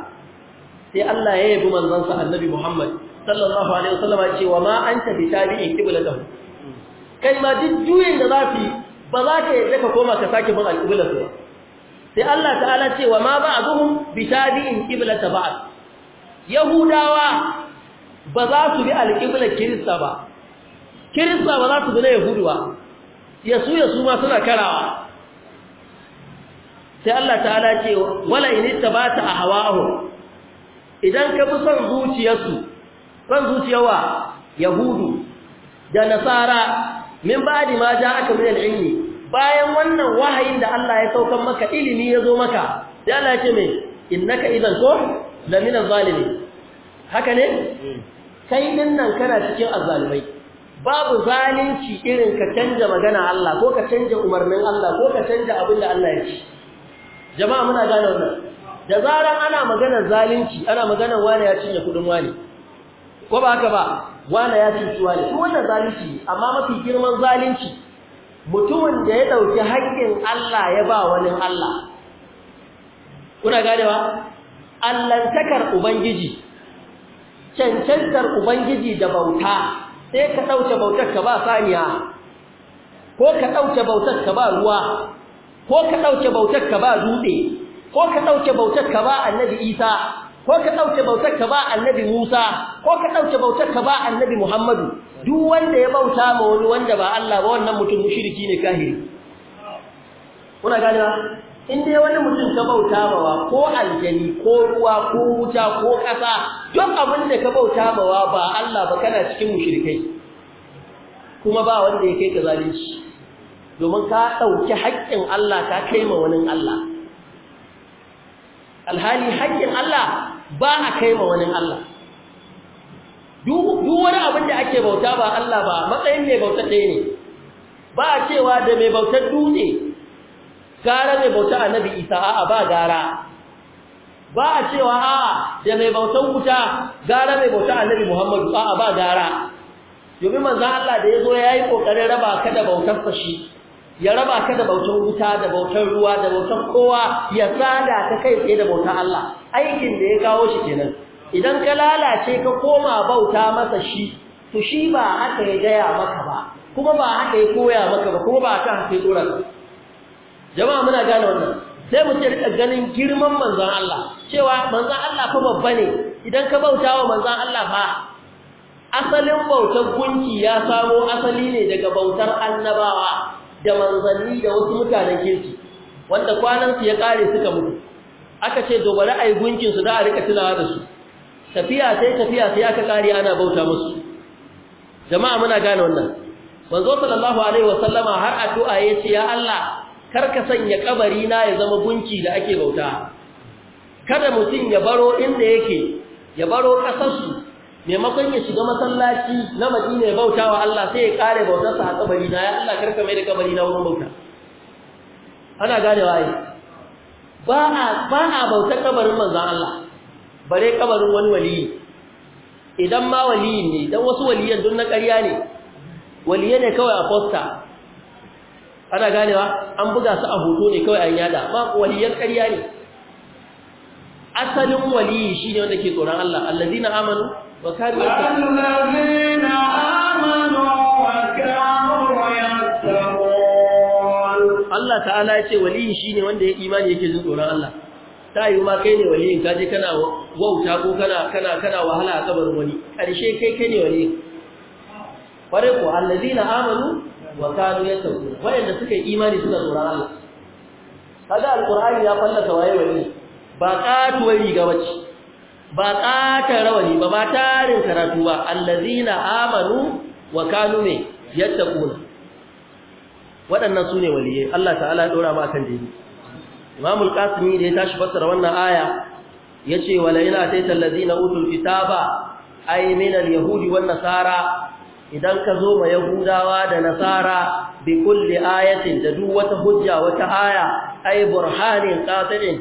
sai Allah ya yabi manzon sa annabi Muhammad sallallahu alaihi wasallam cewa ma anta bi tabi'in qiblatahu kai ma duk juyin da zafi ba za ka yadda ka koma ka sake bin alqiblatu ba sai Allah ta'ala cewa ma ba'dhum bi tabi'in qiblata ba'd yahudawa ba za su bi alqiblar kirista ba kirista ba za su bi na yahudu yasu yasu ma suna karawa sai Allah ta'ala ce wala in tabata ahwahu idan ka bi son zuciyarsu son zuciyawa yahudu da nasara min di ma aka min al-ilmi bayan wannan wahayin da Allah ya saukan maka ilimi ya zo maka sai Allah ya ce me innaka idan ko la min zalimin haka ne kai din nan kana cikin azzalimai babu zalunci irin ka canja magana Allah ko ka canja umarnin Allah ko ka canja abin da Allah ya ce jama'a muna gane wannan da zaran ana maganar zalunci ana maganar wani ya cinye kudin wani ko ba haka ba wani ya cinye wani to wannan zalunci amma mafi girman zalunci mutumin da ya dauki haƙƙin Allah ya ba wani Allah kuna gane ba? allantakar ubangiji cancantar ubangiji da bauta sai ka dauke bautar ka ba saniya ko ka dauke bautar ka ba ruwa ko ka ɗauke bautar ka ba dutse ko ka ɗauke bautar ka ba annabi isa ko ka ɗauke bautar ka ba annabi musa ko ka ɗauke bautar ka ba annabi muhammadu duk wanda ya bauta ma wani wanda ba allah ba wannan mutum mushriki ne kahiri kuna gane ba in dai wani mutum ka bauta ma wa ko aljani ko ruwa ko wuta ko ƙasa duk abin da ka bauta ma wa ba allah ba kana cikin mushrikai kuma ba wanda ya kai ka zalunci domin ka ɗauki haƙƙin Allah ka kai ma wani Allah alhali haƙƙin Allah ba a kai ma wani Allah duk wani abin da ake bauta ba Allah ba matsayin mai bauta ɗaya ne ba a cewa da mai bautar dutse gara mai bauta nabi isa a'a ba gara ba a cewa a'a da mai bautan wuta gara mai bauta nabi muhammadu a'a ba gara domin manzan Allah da ya zo ya yi ƙoƙarin raba ka da bautar fashi ya raba ka da bautar wuta da bautar ruwa da bautar kowa ya tsada ta kai tsaye da bautar Allah aikin da ya kawo shi kenan idan ka lalace ka koma bauta masa shi to shi ba haka ya gaya maka ba kuma ba haka ya koya maka ba kuma ba haka haka ya tsora ka jama'a muna gane wannan sai mu ce rika ganin girman manzon Allah cewa manzon Allah fa babba ne idan ka bautawa manzon Allah fa asalin bautar gunki ya samo asali ne daga bautar annabawa da manzanni da wasu mutanen kirki wanda kwanansu ya kare suka mutu aka ce dogara a yi su da a rika tunawa da su tafiya sai tafiya sai aka kare ana bauta musu jama'a muna gane wannan manzo sallallahu alaihi wasallama har addu'a yace ya Allah kar ka sanya kabari na ya zama gunki da ake bauta kada mutum ya baro inda yake ya baro ƙasarsu. maimakon ya shiga masallaci na madina ya bauta wa Allah sai ya kare bautarsa a kabari na ya Allah karka mai da kabari na wurin bauta ana gane waye ba a ba a bautar kabarin manzon Allah bare kabarin wani waliyi idan ma waliyi ne dan wasu waliyan dun na ƙarya ne waliye ne kawai a posta ana ganewa an buga su a hoto ne kawai an yada ba waliyan ƙarya ne asalin waliyi shine wanda ke tsoron Allah allazina amanu Allah آمنوا وكانوا يتقون الله تعالى yace wanda ya imani yake jin tsoron Allah ta yi ma kai ne waliyin ka je kana wauta ko kana kana kana wahala a kabarin wani karshe kai kai ne waliyin kware ko allazina amanu wa kanu yattaqun wayanda suka yi imani suna tsoron Allah kaga alqur'ani ya fallasa waye wali ba katuwar ga bace ba ƙatar rawani ba ba tarin karatu ba allazina amanu wa kanu me yattaquna waɗannan sune waliyai Allah ta'ala ya dora ma kan jini. Imamul qasimi da ya tashi fassara wannan aya yace wala ila taita allazina utul kitaba ay min al-yahudi wan nasara idan ka zo ma yahudawa da nasara bi kulli ayatin da duk wata hujja wata aya ay burhanin qatilin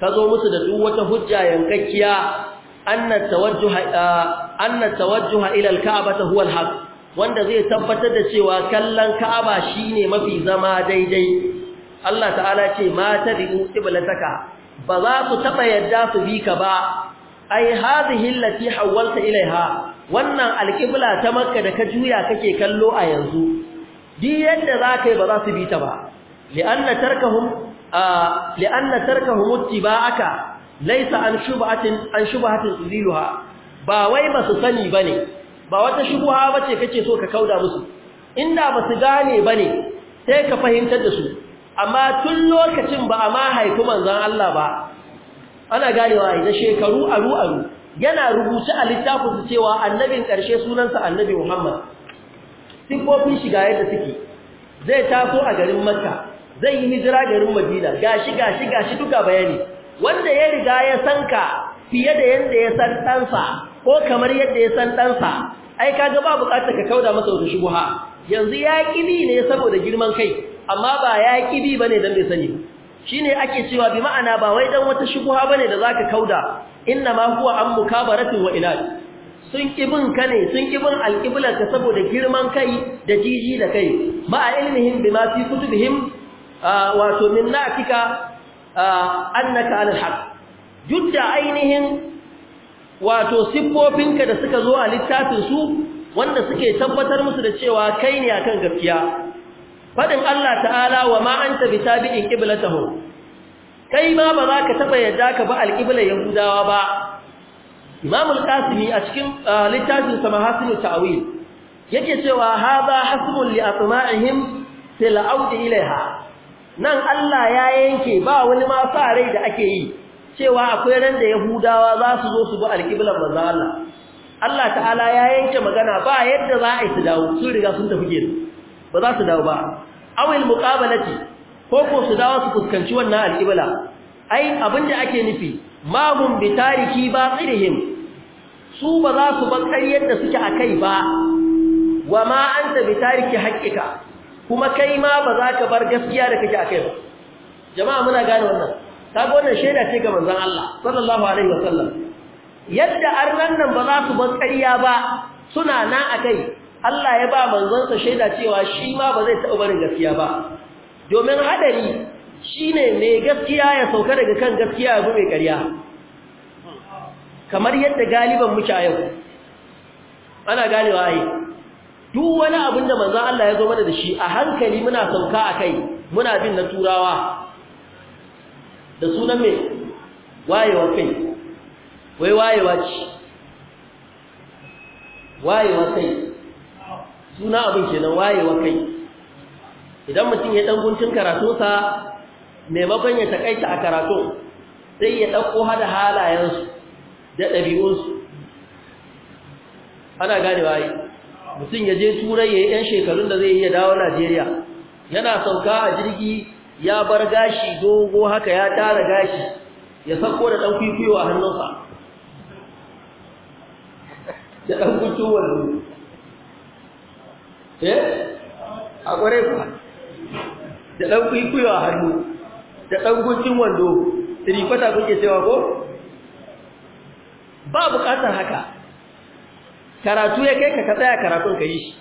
ka zo musu da duk wata hujja yankakkiya anna tawajjuha anna tawajjuha ila alka'bata huwa alhaq wanda zai tabbatar da cewa kallon ka'aba shine mafi zama daidai Allah ta'ala ce ma tabi'u qiblataka ba za su taba yadda su bi ka ba ai hadhihi allati hawalta ilaiha wannan alqibla ta makka da ka juya kake kallo a yanzu duk yadda zakai ba za su bi ta ba li'anna tarkahum li'anna tarkahum ittiba'aka laysa an shubhatin an shubhatin tuliluha ba wai ba su sani bane ba wata shubha bace kake so ka kauda musu inda ba su gane bane sai ka fahimtar da su amma tun lokacin ba a ma haifi manzon Allah ba ana ganewa a shekaru aru aru yana rubuce a littafin su cewa annabin karshe sunansa annabi Muhammad sifofin shiga yadda suke zai taso a garin Makka zai yi hijira garin Madina gashi gashi gashi duka bayani wanda ya riga ya san ka fiye da yanda ya san ɗansa ko kamar yadda ya san ɗansa ai kaga ba buƙatar ka kauda masa wata shubha yanzu ya kibi ne saboda girman kai amma ba ya kibi bane dan bai sani shine ake cewa bi ma'ana ba wai dan wata ba bane da zaka kauda inna ma huwa an mukabaratu wa ilal sun kibin ka ne sun kibin ka saboda girman kai da jiji da kai ma'a ilmihim bima fi kutubihim wato min na'atika annaka alal haq duk da ainihin wato siffofinka da suka zo a littafin su wanda suke tabbatar musu da cewa kai ne akan gaskiya fadin Allah ta'ala wa ma anta bitabi'in qiblatahum kai ma ba za ka taba yadda ka ba alqibla yahudawa ba Imam al-Qasimi a cikin littafin sa Mahasin ta'wil yake cewa hadha hasmun li atma'ihim fil audi ilaiha nan Allah ya yanke ba wani ma sa rai da ake yi cewa akwai ran da Yahudawa za su zo su bi alƙiblar manzo Allah ta'ala ya yanke magana ba yadda za a yi dawo sun riga sun tafi gidan ba za su dawo ba awil muqabalati ko ko su dawo su fuskanci wannan alƙibla ai abinda ake nufi ma hum bi tariki qirihim su ba za su bar yadda da suke akai ba wa ma anta bi tariki haqqika kuma kai ma ba za ka bar gaskiya da kake kai ba jama'a muna gane wannan kaga wannan shaida ce ga manzon Allah sallallahu alaihi wa sallam. yadda arnan nan ba za su bar ƙarya ba suna na kai Allah ya ba manzonsa shaida cewa shi ma ba zai taɓa barin gaskiya ba domin hadari shine mai gaskiya ya sauka daga kan gaskiya ya mai ƙarya kamar yadda galiban muke a yau ana ganewa ai duk wani abin da manzon Allah ya zo mana da shi a hankali muna sauka a kai muna bin na turawa da sunan me wayewa kai wai wayewa ce wayewa kai suna abin ke nan wayewa kai idan mutum ya dan guntun karatunsa maimakon ya takaita a karatun sai ya dauko hada halayensu da ɗabi'unsu ana ganewa yi mutum ya je turai ya yi 'yan shekarun da zai iya dawo najeriya yana sauka a jirgi ya bar gashi dogo haka ya tara gashi ya sako da ɗan kwikwiyo a hannunsa da ɗan kuntun wando eh a ƙware ba da ɗan kwikwiyo a hannu da ɗan kuntun wando tirifata kuke cewa ko ba bukatar haka karatu ya kai ka ka tsaya karatun ka yi shi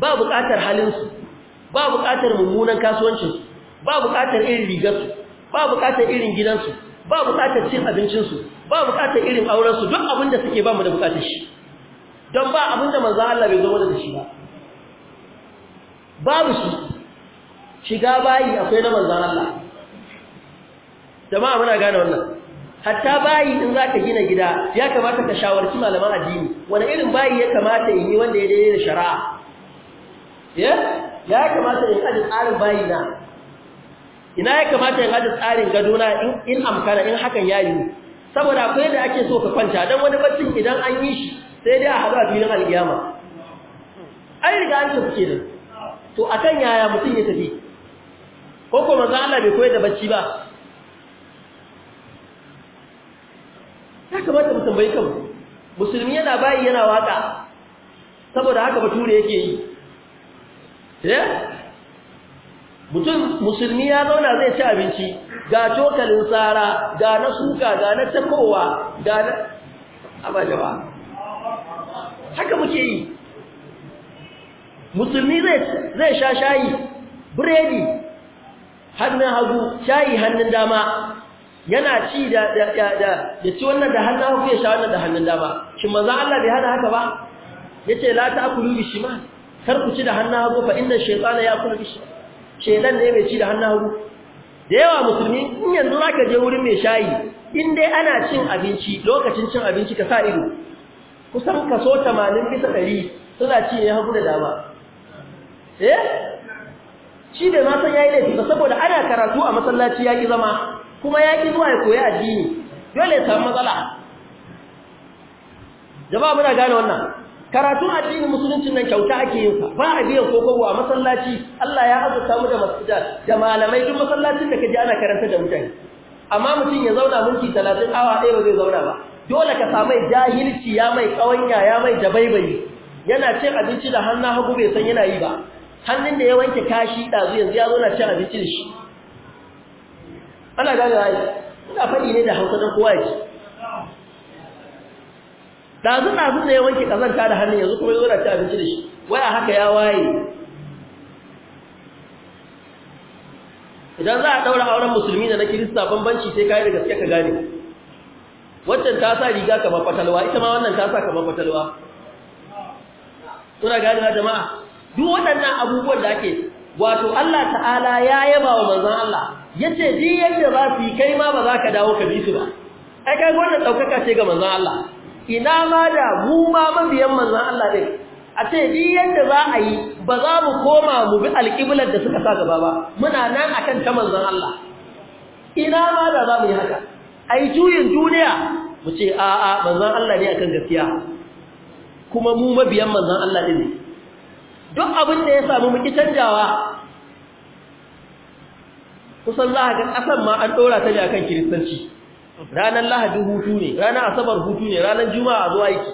ba buƙatar halinsu ba buƙatar mummunan kasuwancinsu ba buƙatar irin rigarsu ba buƙatar irin gidansu ba buƙatar cin abincinsu ba buƙatar irin aurensu don abin da suke ba mu da buƙatar shi don ba abin da manzan Allah bai zama da shi ba babu shi shiga bayi akwai na manzan Allah jama'a muna gane wannan hatta bayi in zaka gina gida ya kamata ka shawarci malaman addini wani irin bayi ya kamata in yi wanda ya daidai da shari'a ya ya kamata in aje tsarin bayi na ina ya kamata in aje tsarin gado na in amfana in hakan ya yi saboda akwai da ake so ka kwanta dan wani baccin idan an yi shi sai dai a haɗu a filin alƙiyama an riga an tafi kenan to akan yaya mutum ya tafi ko kuma manzo Allah bai koyar da bacci ba ya kamata mu tambayi kanmu musulmi yana bayi yana waka saboda haka bature yake yi eh mutum musulmi ya zauna zai ci abinci ga cokalin tsara ga na suka ga na takowa ga na abajaba haka muke yi musulmi zai sha shayi biredi hannun hagu shayi hannun dama yana ci da da da ya ci wannan da hannun hagu ya sha wannan da hannun dama shin manzo Allah bai hada haka ba yace la ta'kulu bi shima kar ku ci da hannun hagu fa inna shaytana ya'kulu bi shima shaytan ne mai ci da hannun hagu da yawa musulmi in yanzu zaka je wurin mai shayi in dai ana cin abinci lokacin cin abinci ka sa ido kusan kaso 80 bisa 100 suna ci ne hagu da dama eh shi bai ma san yayi laifi ba saboda ana karatu a masallaci yaki zama kuma ya ki zuwa ya koyi addini dole ya samu matsala jama'a muna gane wannan karatun addini musuluncin nan kyauta ake yin sa ba a biyan kokowa a masallaci Allah ya azurta mu da masjida da malamai duk masallacin da kaje ana karanta da mutane amma mutum ya zauna mulki 30 awa ɗaya ba zai zauna ba dole ka samu jahilci ya mai kawanya ya mai dabaibayi yana cin abinci da hannun hagu bai san yana yi ba hannun da ya wanke kashi ɗazu yanzu ya zo na cin abinci da shi ana gane ai ina faɗi ne da hausa da kowa ya ci dazu dazu da ya wanke kazanta da hannu yanzu kuma yana zo da abinci da shi waya haka ya waye idan za a daura auren musulmi da na kirista bambanci sai kai da gaske ka gane wannan ta sa riga kamar fatalwa ita ma wannan ta sa kamar fatalwa kuna gane na jama'a duk waɗannan abubuwan da ake wato Allah ta'ala ya yaba wa manzon Allah yace ji yadda za su yi kai ma ba za ka dawo ka bi su ba ai kai wannan daukaka ce ga manzan Allah ina ma da mu ma mabiyan manzan Allah ne a ce ji yadda za a yi ba za mu koma mu bi alƙiblar da suka sa gaba ba muna nan akan ta manzan Allah ina ma da za mu yi haka A yi juyin duniya mu ce a'a manzan Allah ne akan gaskiya kuma mu mabiyan manzan Allah ne duk abin da ya samu muki canjawa kusan za a ga ƙasan ma an ɗora ta ne a kan kiristanci ranar Lahadin hutu ne ranar asabar hutu ne ranar juma'a zuwa yake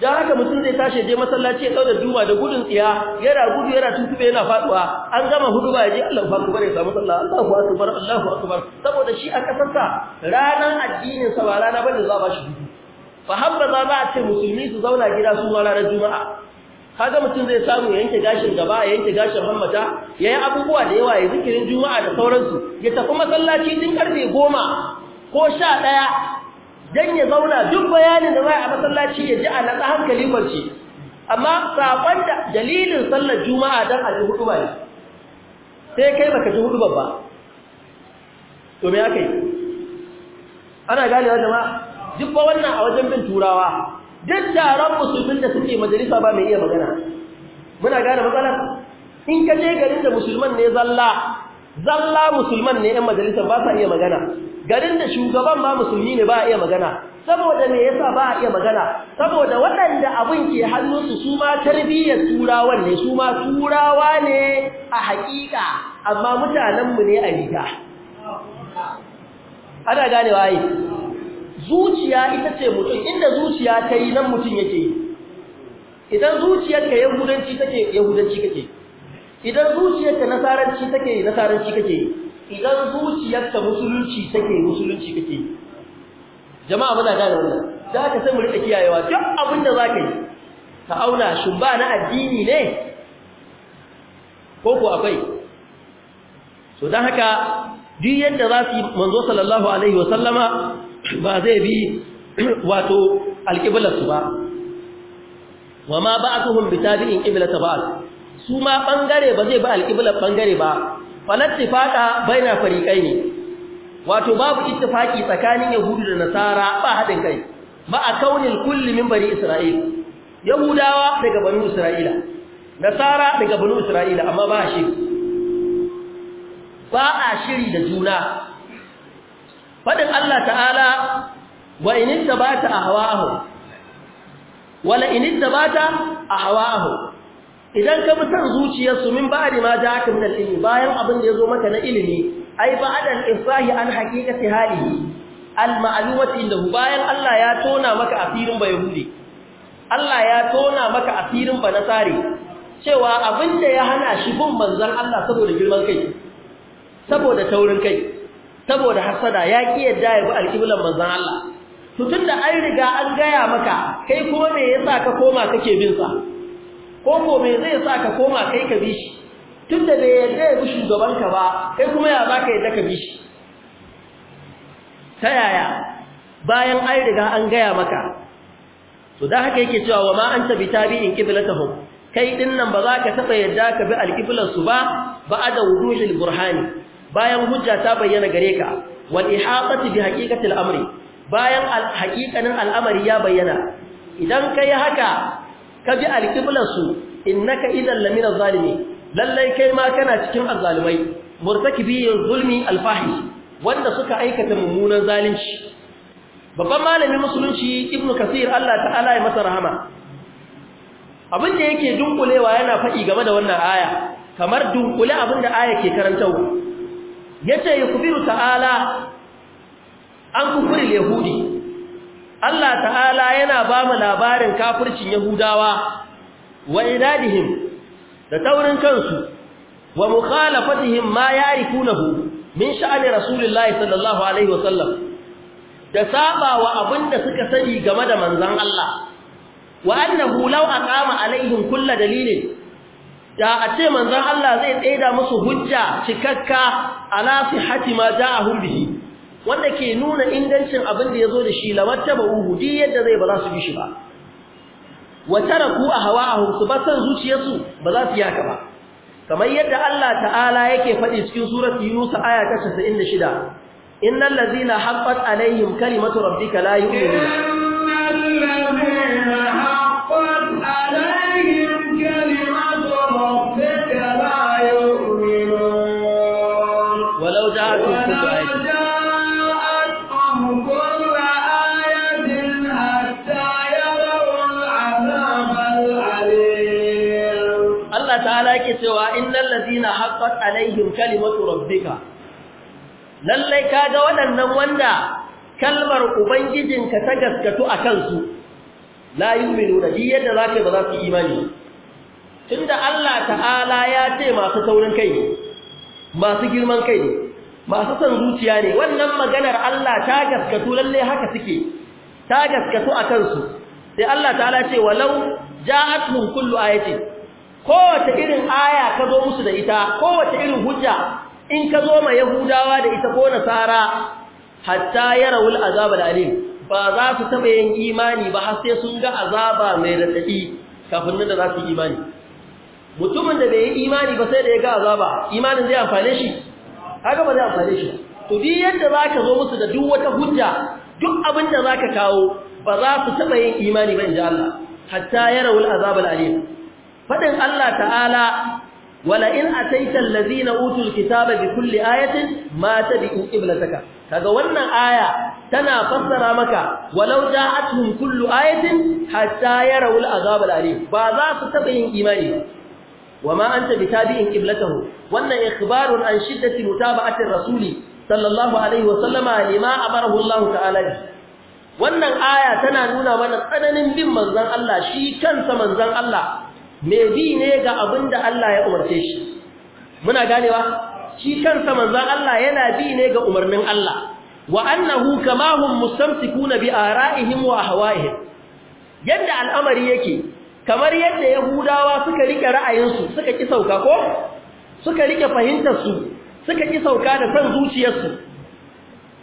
Don haka mutum zai tashi je masallaci ya kau da juma da gudun tsiya yana gudu yana tuntube yana faduwa an gama hudu ba ya je Allah fa kubar ya samu sallah Allahu akbar Allahu Bar. saboda shi a kasarsa ranar addinin sa ba rana bane za ba shi hudu fa habba za a ce musulmi su zauna gida su ma ranar juma'a kaga mutum zai samu ya yanke gashin gaba ya yanke gashin hammata ya yi abubuwa da yawa ya zikirin juma'a da sauransu ya tafi masallaci tun karfe goma ko sha ɗaya don ya zauna duk bayanin da zai a masallaci ya ji a natsa hankali kwanci amma saƙon da dalilin sallar juma'a don a ji hudu ba sai kai baka ji hudu babba to me aka Ana ana ganewa jama'a duk ba wannan a wajen bin turawa duk taron musulmin da suke majalisa ba mai iya magana muna gane matsala in ka je garin da musulman ne zalla zalla musulman ne yan majalisa ba sa iya magana garin da shugaban ba musulmi ne ba a iya magana saboda me yasa ba a iya magana saboda waɗanda abin ke hannunsu su ma tarbiyyar turawan ne su ma turawa ne a haƙiƙa amma mutanenmu ne a riga ana ganewa yi zuciya ita ce mutum inda zuciya ta yi nan mutum yake yi idan zuciyarka yahudanci take yahudanci kake idan zuciyarka nasaranci take nasaranci kake idan zuciyarka musulunci take musulunci kake jama'a muna gane wannan da ka sai mu rika kiyayewa duk abin da zaka yi ka auna shin ba na addini ne ko ko akwai so dan haka duk yadda za su yi manzo sallallahu alaihi wasallama ba zai bi wato alƙiblarsu ba wa ma ba ba'atuhum bitabi'in qiblata ba? su ma bangare ba zai ba alƙiblar bangare ba na baina ne. wato babu ittifaki tsakanin yahudu da nasara ba hadin kai Ba a kaunin kulli bari isra'il yahudawa daga banu isra'ila nasara daga banu isra'ila amma ba shi ba a shiri da juna fadin Allah ta'ala wa in ittabata ahwa'ahu wala in a ahwa'ahu idan ka bi san zuciyarsu min ba'di ma ja'aka min al bayan abin da zo maka na ilimi ai ba'da al-ifrahi an haqiqati halihi al-ma'lumati indahu bayan Allah ya tona maka asirin bayahudi Allah ya tona maka asirin banasari cewa abin da ya hana shi bin manzon Allah saboda girman kai saboda taurin kai saboda hasada ya ki yadda ya bi alƙiblan manzon Allah to tunda an riga an gaya maka kai kuma me yasa ka koma kake bin sa ko ko me zai sa ka koma kai ka bi shi tunda bai yadda ya bi shugabanka ba kai kuma ya za ka yadda ka bi shi ta yaya bayan an riga an gaya maka to da haka yake cewa wa ma anta bitabi'in qiblatahum kai din nan ba za ka taba yadda ka bi alqiblar su ba ba'ada wuduhil burhani bayan hujja ta bayyana gare ka wal ihaqati bi haqiqati al-amri bayan haqiqanin al'amari ya bayyana idan kai haka ka bi al-qiblar su innaka idan lamina zalimi lallai kai ma kana cikin azzalimai murtakibi zulmi al-fahish wanda suka aikata mummunan zalunci babban malamin musulunci ibnu kasir Allah ta'ala ya masa rahama abin da yake dunkulewa yana faɗi game da wannan aya kamar dunkule abin da aya ke karantawa yace yukbiru ta'ala an kufuri yahudi Allah ta'ala yana ba mu labarin kafircin yahudawa wa inadihim da taurin kansu wa mukhalafatihim ma ya'rifunahu min sha'ani rasulullahi sallallahu alaihi wa sallam da sabawa abinda suka sani game da manzon Allah wa annahu law aqama alaihim kullu dalilin da a ce manzon Allah zai tsaida musu hujja cikakka ala hatima ma a bihi wanda ke nuna ingancin abin da ya zo da shi lamattaba uhudi yadda zai ba za su bi shi ba wa a hawa a ba san zuciyarsu ba za su yaka ba kamar yadda Allah ta'ala yake faɗi cikin suratu Yunus aya ta 96 innal ladzina haqqat alaihim kalimatu rabbika la yu'minun innal cewa innal ladina haqqat alaihim kalimatu rabbika lallai kaga waɗannan wanda kalmar ubangijinka ta gaskatu a kansu la yu'minu da yadda zaka ba za su imani tunda Allah ta'ala ya ce masu saurin kai ne masu girman kai ne masu son zuciya ne wannan maganar Allah ta gaskatu lalle haka suke ta gaskatu a kansu sai Allah ta'ala ce walau ja'atuhum kullu ayatin kowace irin aya ka zo musu da ita kowace irin hujja in ka zo ma yahudawa da ita ko nasara hatta yarawul azab alim ba za su taba yin imani ba har sai sun ga azaba mai radadi kafin da za su yi imani mutumin da bai yi imani ba sai da ya ga azaba imanin zai amfane shi haka ba zai amfane shi to duk yadda zaka zo musu da duk wata hujja duk abin da zaka kawo ba za su taba yin imani ba inji Allah hatta yarawul azab alim Faɗin Allah ta'ala wala in ataita allazina utul kitaba bi kulli ayatin ma tabi'u qiblataka kaga wannan aya tana fassara maka walau ja'atuhum kullu ayatin hatta yarawul azab alalim ba za su taba yin imani ba wama anta bitabi'in qiblatahu wannan ikhbarun an shiddati mutaba'atir rasuli sallallahu alaihi wa sallama lima amarahu Allah ta'ala wannan aya tana nuna mana tsananin bin manzon Allah shi kansa manzon Allah mai bi ne ga abin da Allah ya umarce shi muna ganewa shi kansa manzon Allah yana bi ne ga umarnin Allah wa annahu kama hum mustamsikuna bi ara'ihim wa ahwa'ihim yadda al'amari yake kamar yadda yahudawa suka rike ra'ayinsu suka ki sauka ko suka rike su suka ki sauka da san zuciyarsu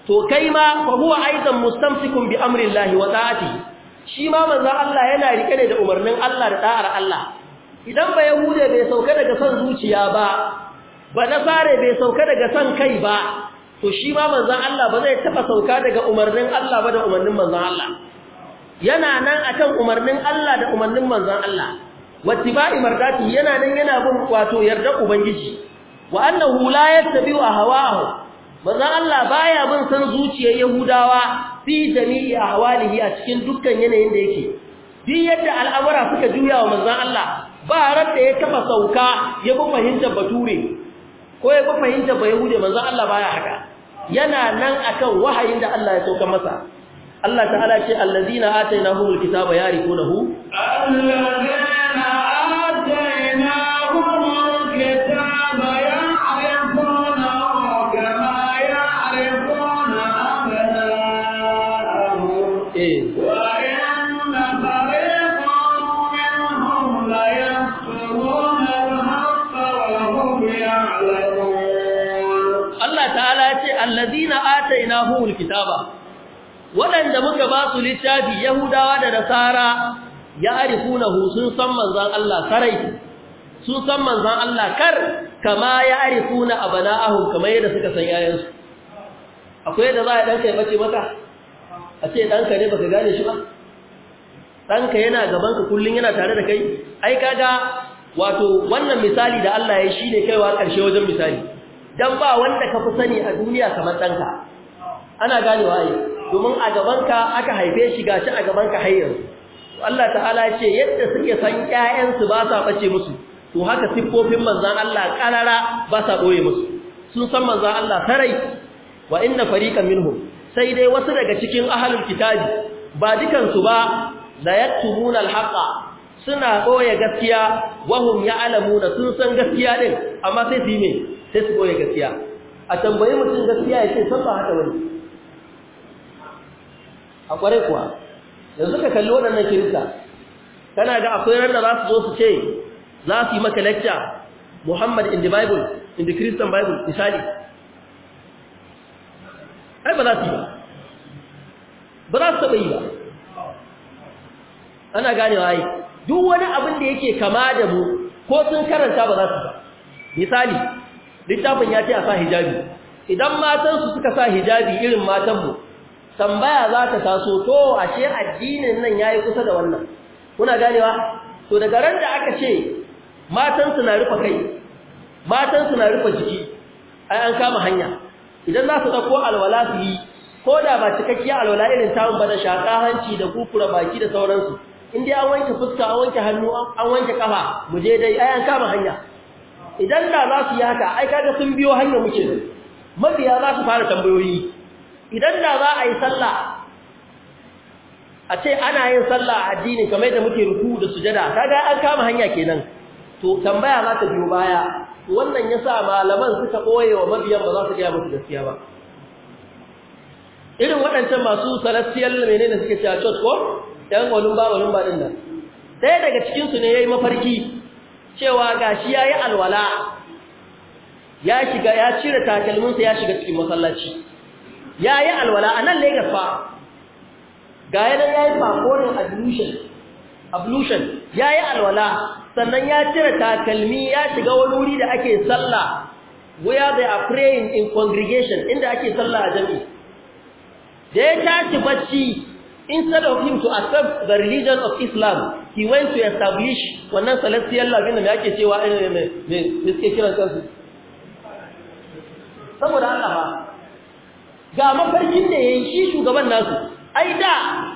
to kai ma fa huwa aidan mustamsikun bi amrillahi wa ta'ati shi ma manzo Allah yana rike ne da umarnin Allah da da'ar Allah idan ba yahude bai sauka daga son zuciya ba ba nasare bai sauka daga son kai ba to shi ma manzon Allah ba zai taba sauka daga umarnin Allah ba da umarnin manzon Allah yana nan akan umarnin Allah da umarnin manzon Allah wattiba'i mardati yana nan yana bin wato yarda ubangiji wa annahu la yattabi'u ahwa'ahu Manzan Allah baya bin san zuciyar Yahudawa fi jami'i ahwalihi a cikin dukkan yanayin da yake bi yadda al'amura suka juya wa manzon Allah ba ran da ya taba sauka ya bi fahimtar bature ko ya bi fahimtar bayahude manzo Allah baya haka yana nan akan wahayin da Allah ya sauka masa Allah ta'ala ya ce allazina atainahumul kitaba yarifunahu allazina allazina atainahumul kitaba wadanda muka ba su littafi yahudawa da nasara ya'rifunahu sun san manzon Allah sarai sun san manzon Allah kar kama ya'rifuna abana'ahum kamar yadda suka san yayansu akwai da za a danka ya bace maka a ce danka ne baka gane shi ba danka yana gaban ka kullun yana tare da kai ai kaga wato wannan misali da Allah ya shine kaiwa karshe wajen misali dan ba wanda ka fi sani a duniya kamar ɗanka ana ganewa ai domin a gabanka aka haife shi gashi a gabanka har yanzu Allah ta'ala ya ce yadda suke san ƴaƴansu ba sa bace musu to haka siffofin manzan Allah karara ba sa boye musu sun san manzan Allah sarai wa inna fariqan minhum sai dai wasu daga cikin ahlul kitabi ba dukan su ba la yaktumuna alhaqa suna boye gaskiya wahum ya'lamuna sun san gaskiya din amma sai su yi me sai su goye gaskiya a tambayi mutum gaskiya ya ce sabba ba haka wani. a kware kuwa yanzu ka kalli waɗannan kirista kana ga akwai ran da za su zo su ce za su yi maka lecture Muhammad in the Bible in the Christian Bible misali ai ba za su yi ba ba za su taɓa yi ba ana ganewa ai duk wani abin da yake kama da mu ko sun karanta ba za su ba misali littafin ya ce a sa hijabi idan matansu suka sa hijabi irin matanmu tambaya za ta taso to ashe addinin nan ya yi kusa da wannan kuna ganewa to daga ran da aka ce matansu na rufe kai matansu na rufe jiki ai an kama hanya idan za su ɗauko alwala su yi ko da ba cikakkiya alwala irin tawun ba da shaka, hanci da kukura baki da sauransu in dai an wanke fuska an wanke hannu an wanke kafa mu je dai ai an kama hanya idan da za su yi haka ai kaga sun biyo hanya muke da mabiya za su fara tambayoyi idan da za a yi sallah a ce ana yin sallah a addini kamar da muke ruku da sujada kaga an kama hanya kenan to tambaya za ta biyo baya wannan yasa malaman suka koye wa mabiyan ba za su gaya musu gaskiya ba irin waɗancan masu celestial menene suke cewa church ko ɗan walumba walumba din nan ɗaya daga cikin su ne yi mafarki cewa gashi yi alwala ya shiga ya cire takalminsa ya shiga cikin masallaci yi alwala anan Lagos fa ga yana yi fakorin ablution ya yi alwala sannan ya cire takalmi ya shiga wani wuri da ake sallah where they are praying in congregation inda ake sallah a jami'i da ya tashi bacci instead of him to accept the religion of Islam he went to establish wannan celestial law din da ake cewa ne eh, me me suke kiran kansu saboda Allah ba ga mafarkin da yayin shi shugaban nasu ai da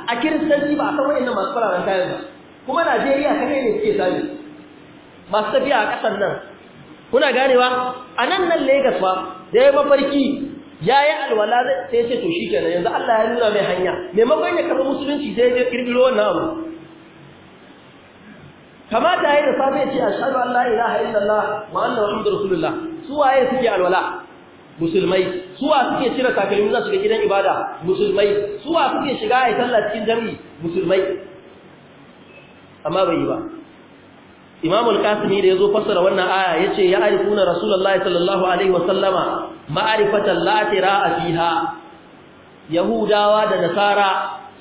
a kiristanci ba a san wayannan masu fararen kayan ba kuma Najeriya kadai ne suke sani masu tafiya a kasar nan kuna ganewa a nan nan Lagos ba da ya mafarki ya yayi alwala sai ya ce to shi shikenan yanzu Allah ya nuna mai hanya maimakon ya karɓi musulunci sai ya ƙirƙiro wannan abu kamata yayi da safe ya ce ashhadu an la ilaha illallah wa anna muhammadur rasulullah su waye suke alwala musulmai suwa suke cire takalmi za su ga gidan ibada musulmai suwa suke shiga a sallah cikin jami'i musulmai amma bai yi ba imamu al-qasimi da ya zo fassara wannan aya yace ya arifuna rasulullahi sallallahu alaihi wa sallama ma'arifatan la a fiha yahudawa da nasara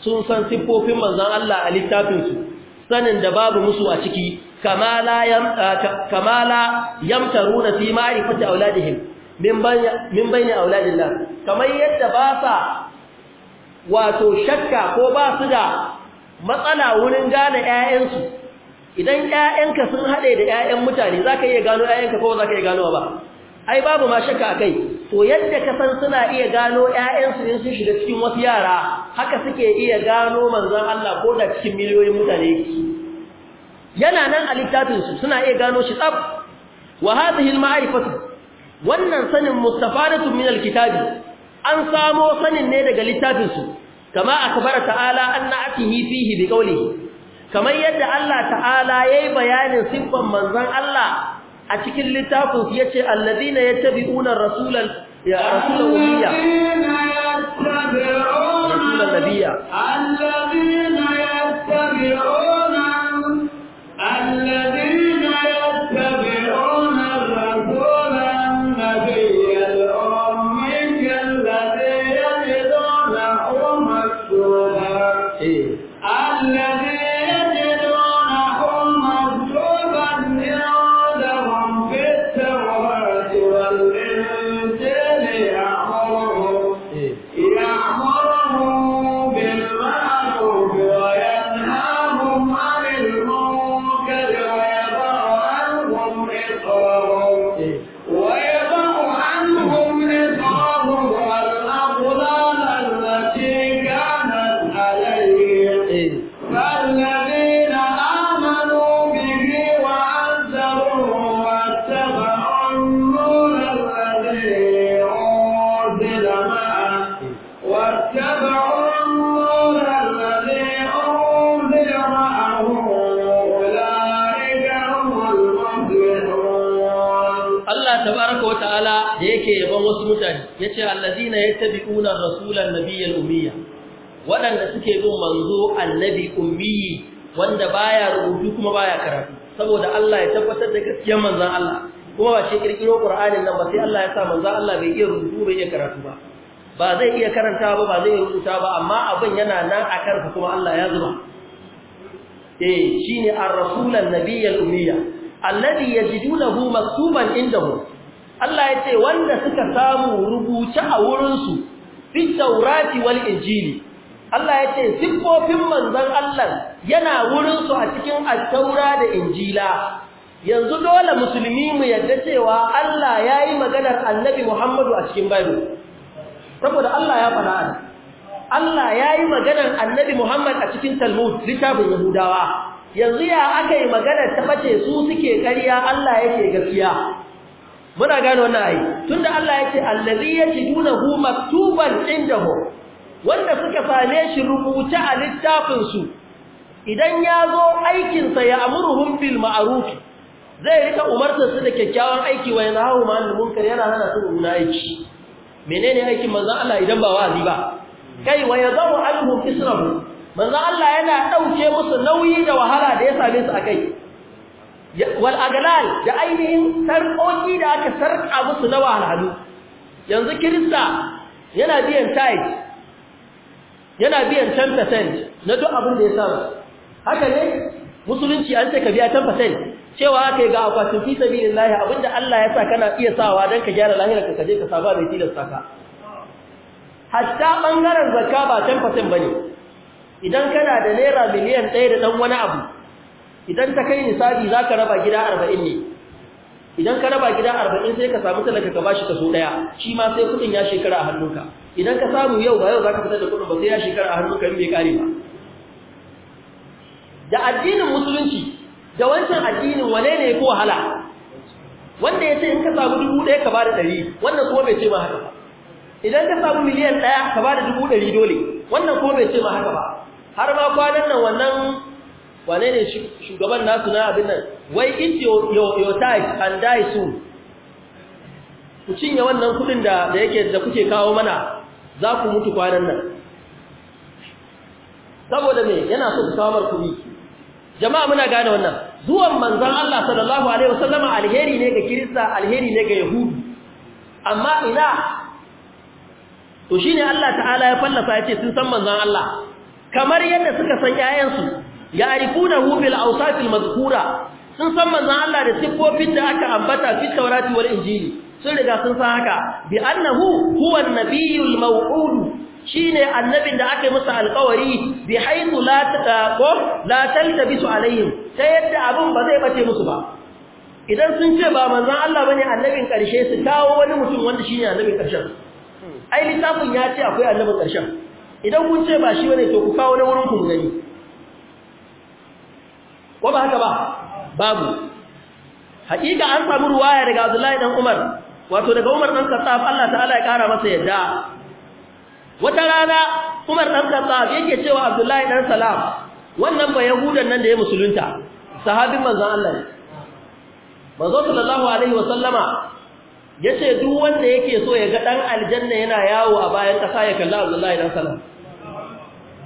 sun san siffofin manzon Allah a littafinsu. sanin da babu musu a ciki kamala yamtaru yamtaruna fi ma'rifati auladihim min bayni auladillah kamar yadda ba sa wato shakka ko ba su da matsala wurin gane ƴaƴansu idan 'ya'yanka sun haɗe da 'ya'yan mutane zaka iya gano 'ya'yanka ko ba zaka iya gano ba ai babu ma shakka akai to yadda ka san suna iya gano ƴaƴansu in sun shiga cikin wasu yara haka suke iya gano manzon Allah ko da cikin miliyoyin mutane yana nan a littafin su suna iya gano shi tsaf wa hadhihi al-ma'rifatu wannan sanin mustafadatun min al-kitabi an samo sanin ne daga littafin su kama akbara ta'ala anna atihi fihi biqawlihi kamar yadda Allah ta'ala yayi bayanin siffan manzon Allah a cikin littafin yace alladhina yattabi'una rasulan ya rasulan allazina yattabi'una rasulan nabiyyal ummiya waɗanda suke bin manzo annabi ummi wanda baya rubutu kuma baya karatu saboda Allah ya tabbatar da gaskiyar manzon Allah kuma ba shi kirkiro Qur'anin nan ba sai Allah ya sa manzon Allah bai iya rubutu bai iya karatu ba ba zai iya karanta ba ba zai rubuta ba amma abin yana nan a karka kuma Allah ya zuba eh shine ar-rasulan nabiyyal ummiya alladhi yajidunahu maktuban indahu Allah ya ce wanda suka samu rubuce a wurinsu fi taurati wal injili Allah ya ce siffofin manzon Allah yana wurinsu a cikin attaura da injila yanzu dole musulmi mu yadda cewa Allah ya yi maganar annabi Muhammadu a cikin Bible saboda Allah ya fara Allah ya yi maganar annabi Muhammad a cikin Talmud littafin Yahudawa yanzu ya aka yi maganar ta bace su suke ƙarya Allah yake gaskiya muna gane wannan ayi tunda Allah ya ce allazi yajidunahu maktuban indahu wanda suka same shi rubuce a littafin su idan ya zo aikin sa ya amuruhum bil ma'ruf zai rika umartar su da kyakkyawan aiki wa yanhahu ma'al munkar yana hana su mummuna aiki menene aikin manzon Allah idan ba wa'azi ba kai wa yadawu anhum israhu manzon Allah yana dauke musu nauyi da wahala da ya same su akai wal agalal da ainihin sarƙoƙi da aka sarƙa musu na wahalhalu yanzu kirista yana biyan tithe yana biyan 10% na duk abin da ya samu haka ne musulunci an ce ka biya 10% cewa kai ga akwatin fi sabilillahi abinda Allah ya sa kana iya sawa dan ka gyara lahirarka ka je ka saba mai tilas saka. hatta bangaren zakka ba 10% bane idan kana da naira miliyan 1 da dan wani abu idan ta kai nisabi za ka raba gida arba'in ne idan ka raba gida arba'in sai ka samu talaka ka bashi kaso ɗaya shi ma sai kuɗin ya shekara a hannunka idan ka samu yau ba yau za ka fitar da kuɗin ba sai ya shekara a hannunka in bai kare ba da addinin musulunci da wancan addinin wane ne ko wahala wanda ya ce in ka samu dubu ɗaya ka ba da ɗari wannan kuma bai ce ma haka ba idan ka samu miliyan ɗaya ka ba da dubu ɗari dole wannan kuma bai ce ma haka ba har ma kwanan nan wannan wane ne shugaban nasu na abin nan wai it your tithe and die soon ku cinye wannan kudin da da yake da kuke kawo mana za ku mutu kwanan nan saboda me yana so su kawo mar kudi jama'a muna gane wannan zuwan manzon Allah sallallahu alaihi wasallam alheri ne ga kirista alheri ne ga yahudu amma ina to shine Allah ta'ala ya fallasa yace sun san manzon Allah kamar yadda suka san 'ya'yansu. ya'rifunahu bil awsaf al mazkura sun san manzon Allah da siffofin da aka ambata fi taurati wal injili sun riga sun san haka bi annahu huwa an maw'ud shine annabin da aka yi masa alƙawari bi haythu la taqo eh, la taltabisu alaihim sai yadda abun ba zai bace musu ba idan sun ce ba manzon Allah bane annabin karshe su kawo wani mutum wanda shine annabin karshen ai littafin ya ce akwai annabin karshen idan kun ce ba shi bane to ku kawo na wurin ku gani ko ba haka ba babu haƙiƙa an samu ruwaya daga Abdullahi dan Umar wato daga Umar dan Khattab Allah ta'ala ya kara masa yadda wata rana Umar dan Khattab yake cewa Abdullahi dan Salam wannan ba yahudan nan da ya musulunta sahabin manzon Allah ne manzo sallallahu alaihi wasallama yace duk wanda yake so ya ga dan aljanna yana yawo a bayan kasa ya kalla Abdullahi dan Salam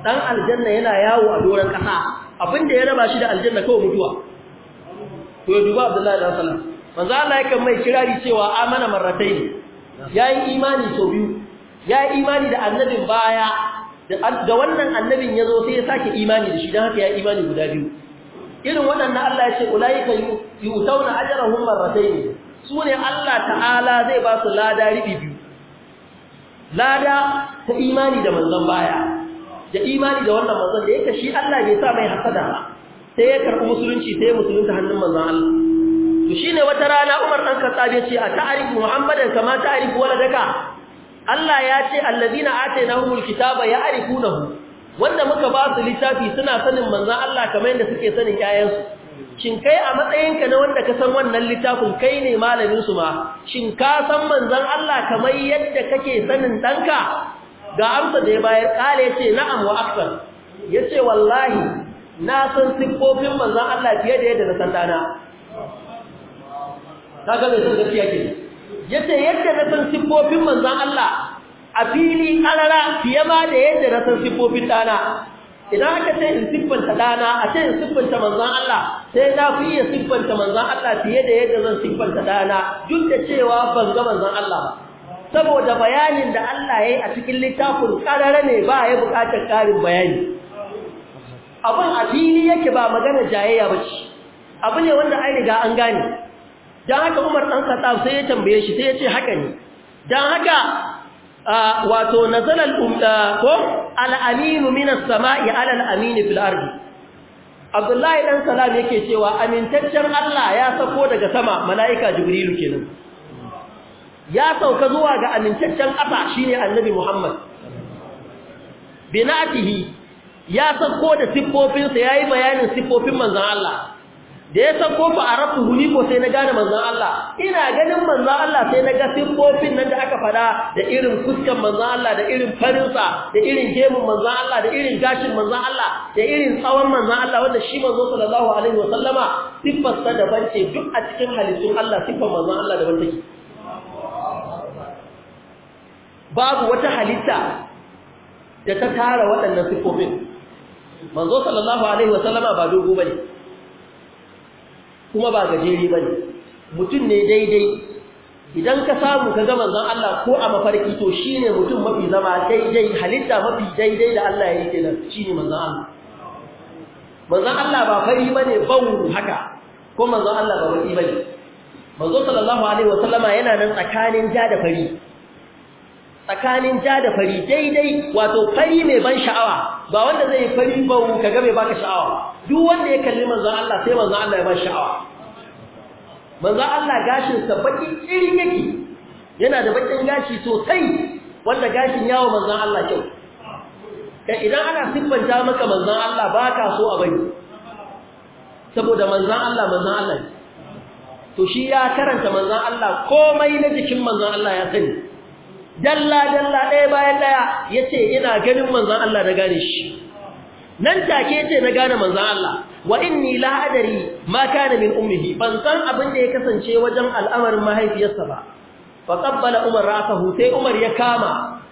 dan aljanna yana yawo a doran kasa abin da ya raba shi da aljanna kawai mutuwa to ya duba abdullahi dan salam manzo Allah yake mai kirari cewa amana marrataini yayi imani so biyu yayi imani da annabin baya da wannan annabin yazo sai ya sake imani da shi dan haka ya imani guda biyu irin wadannan Allah ya ce ulaika yu'tauna ajrahum marrataini sune Allah ta'ala zai ba su lada ribi biyu lada ta imani da manzon baya da imani da wannan manzon da yake shi Allah bai sa mai hasada ba sai ya karɓi musulunci sai ya musulunta hannun manzon Allah to shine wata rana Umar dan Khattab ya ce a ta'arifu Muhammadan kama ta'arifu waladaka Allah ya ce allazina atainahumul kitaba ya'rifunahu wanda muka ba su littafi suna sanin manzon Allah kamar yadda suke sanin 'ya'yansu. shin kai a matsayinka na wanda ka san wannan littafin kai ne malamin su ma shin ka san manzon Allah kamar yadda kake sanin danka ga amsa da ya bayar kale ce na'am wa akthar yace wallahi na san siffofin manzon Allah fiye da yadda na san dana kaga me san gaskiya ke yace yadda na san siffofin manzon Allah a fili karara fiye ma da yadda na san siffofin dana idan aka ce in siffanta dana a ce in siffanta manzon Allah sai na fi iya siffanta manzon Allah fiye da yadda zan siffanta dana duk da cewa ban ga manzon Allah ba saboda bayanin da Allah ya yi a cikin littafin karara ne ba ya buƙatar karin bayani abin a fili yake ba magana jayayya ba ce abu ne wanda ai riga an gane don haka umar ɗan kasa sai ya tambaye shi sai ya ce haka ne don haka wato nazalar umta ko al'aminu minas sama'i al'amini fil ardi abdullahi ɗan salam yake cewa amintaccen allah ya sako daga sama mala'ika jibrilu kenan ya sauka zuwa ga amincaccen ƙasa shine annabi Muhammad binatihi ya sako da siffofinsa yayi bayanin siffofin manzon Allah da ya sako fa arabtu huni ko sai na gane manzon Allah ina ganin manzon Allah sai na ga siffofin nan da aka fada da irin fuskan manzon Allah da irin farinsa da irin gemun manzon Allah da irin gashin manzon Allah da irin tsawon manzon Allah wanda shi manzo sallallahu alaihi wasallama siffarsa daban ce duk a cikin halittun Allah siffar manzon Allah daban take babu wata halitta da ta tara waɗannan sifofin manzo sallallahu alaihi wasallama ba dogo bane kuma ba gajeri bane mutum ne daidai idan ka samu ka ga manzon Allah ko a mafarki to shine mutum mafi zama daidai halitta mafi daidai da Allah ya yi kenan shine manzon Allah manzon Allah ba fari bane bawu haka ko manzon Allah ba wani bane manzo sallallahu alaihi wasallama yana nan tsakanin ja da fari tsakanin ja da fari daidai wato fari mai ban sha'awa ba wanda zai fari ba ka ga mai baka sha'awa duk wanda ya kalli manzon Allah sai manzon Allah ya ba sha'awa manzon Allah gashin sa baki irin yake yana da bakin gashi sosai wanda gashin yawo manzon Allah kyau kai idan ana siffanta maka manzon Allah baka so a bari saboda manzon Allah manzon Allah to shi ya karanta manzon Allah komai na jikin manzon Allah ya sani dalla dalla ɗaya bayan ɗaya yace ina ganin manzon Allah na gane shi nan take ce na gane manzon Allah wa inni la adari ma kana min ummihi ban san abin da ya kasance wajen al'amarin mahaifiyarsa ba fa qabbala umar ra'sahu sai umar ya kama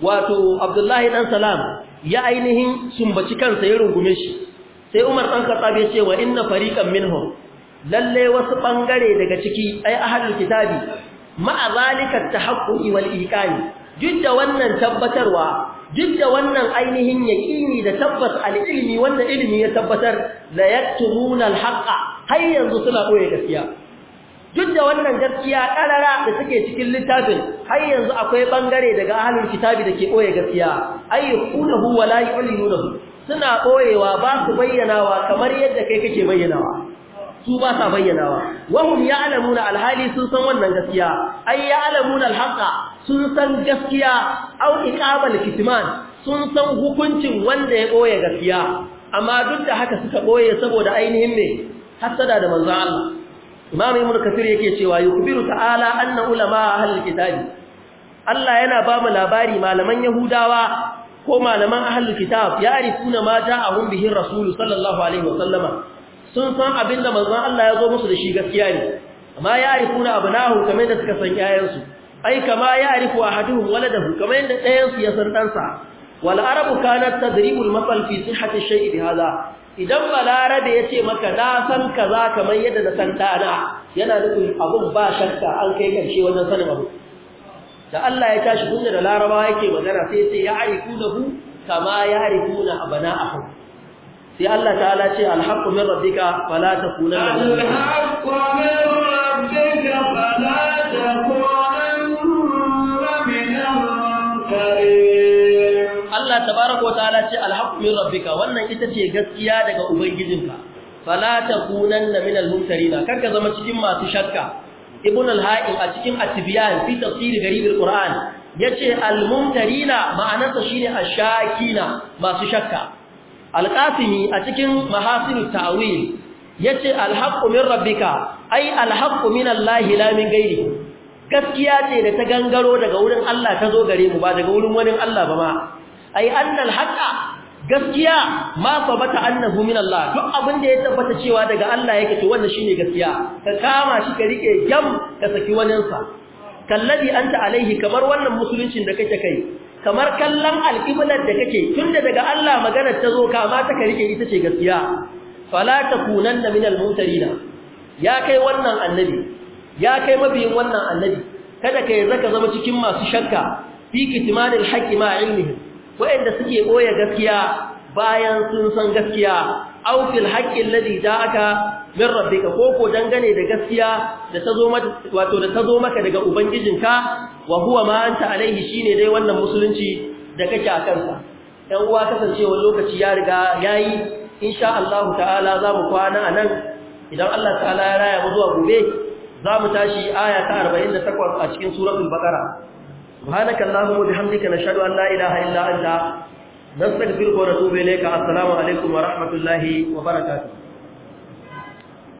wato abdullahi dan salam ya ainihin sumbaci kansa ya rungume shi sai umar dan khattab ya ce wa inna fariqan minhum lalle wasu bangare daga ciki ai ahlul kitabi ma'a ta tahaqqi wal iqani duk da wannan tabbatarwa duk wannan ainihin yaqini da tabbas al-ilmi wanda ilmi ya tabbatar da yaktumuna al-haqa har yanzu suna ɓoye gaskiya duk wannan gaskiya karara da suke cikin littafin har yanzu akwai ɓangare daga ahlul kitabi da ke ɓoye gaskiya ayyukunahu wa wala yu'linuhu suna boyewa ba su bayyanawa kamar yadda kai kake bayyanawa su ba sa bayyanawa wahum ya'lamuna alhali sun san wannan gaskiya ay ya'lamuna alhaqa sun san gaskiya au iqabal kitman sun san hukuncin wanda ya boye gaskiya amma duk da haka suka boye saboda ainihin me hasada da manzon Allah Imam Ibn Kathir yake cewa yukbiru ta'ala anna ulama ahlul kitab Allah yana ba mu labari malaman Yahudawa ko malaman ahlul kitab ya arifuna ma ja'ahum bihi rasul sallallahu alaihi sallama. sun san abin da manzon Allah ya zo musu da shi gaskiya ne amma ya na abnahu kamar da suka san yayansu ai kama ya arifu ahaduhum waladahu kamar yadda ɗayan su ya san ɗansa wal arabu kanat tadribul sun fi sihhati shay'i haza. idan balarabe yace maka na san kaza kamar yadda na san dana yana nufin abun ba shakka an kai karshe wannan sanin abu da Allah ya tashi kunda da laraba yake magana sai sai ya hu kama ya a abna'ahum sai Allah ta'ala ce alhaqqu min rabbika fala takunanna alhaqqu min rabbika fala takunanna min al-mumtarin Allah tabaaraka wa ta'ala ce alhaqqu min rabbika wannan ita ce gaskiya daga ubangijinka fala takunanna min al-mumtarin karka zama cikin masu shakka ibn al-ha'im a cikin at-tibyan fi tafsir gharib al-quran yace al-mumtarina ma'anarsa shine ashakina masu shakka Alƙasimi a cikin mahasinu ya yace alhaqqu min rabbika ai alhaqqu min allahi la min gaskiya ce da ta gangaro daga wurin Allah ta zo gare mu ba daga wurin wani Allah ba ma ai annal haqqa gaskiya ma sabata annahu min Allah duk abin da ya tabbata cewa daga Allah yake to wannan shine gaskiya ka kama shi ka rike jam ka saki waninsa kallabi anta alaihi kamar wannan musuluncin da kake kai kamar kallon alƙiblar da kake tunda daga Allah maganar ta zo kama ta ka rike ita ce gaskiya fala takunanna minal mumtarina ya kai wannan annabi ya kai mabiyin wannan annabi kada kai zaka zama cikin masu shakka fi kitmanil haqqi ma ilmihi wa'anda suke boye gaskiya bayan sun san gaskiya aw fil haqqi alladhi ja'aka min rabbika ko ko dangane da gaskiya da tazo wato da tazo maka daga ubangijinka wa huwa ma anta alaihi shine dai wannan musulunci da kake a kansa ɗan uwa kasancewa lokaci ya riga yayi insha Allah ta'ala za mu kwana anan idan Allah ta'ala ya raya mu zuwa gobe za mu tashi aya ta 48 a cikin suratul baqara subhanakallahumma bihamdika nashhadu an la ilaha illa anta nan sai na turko da ka assalamu alaikum wa rahmatullahi wa barakatuh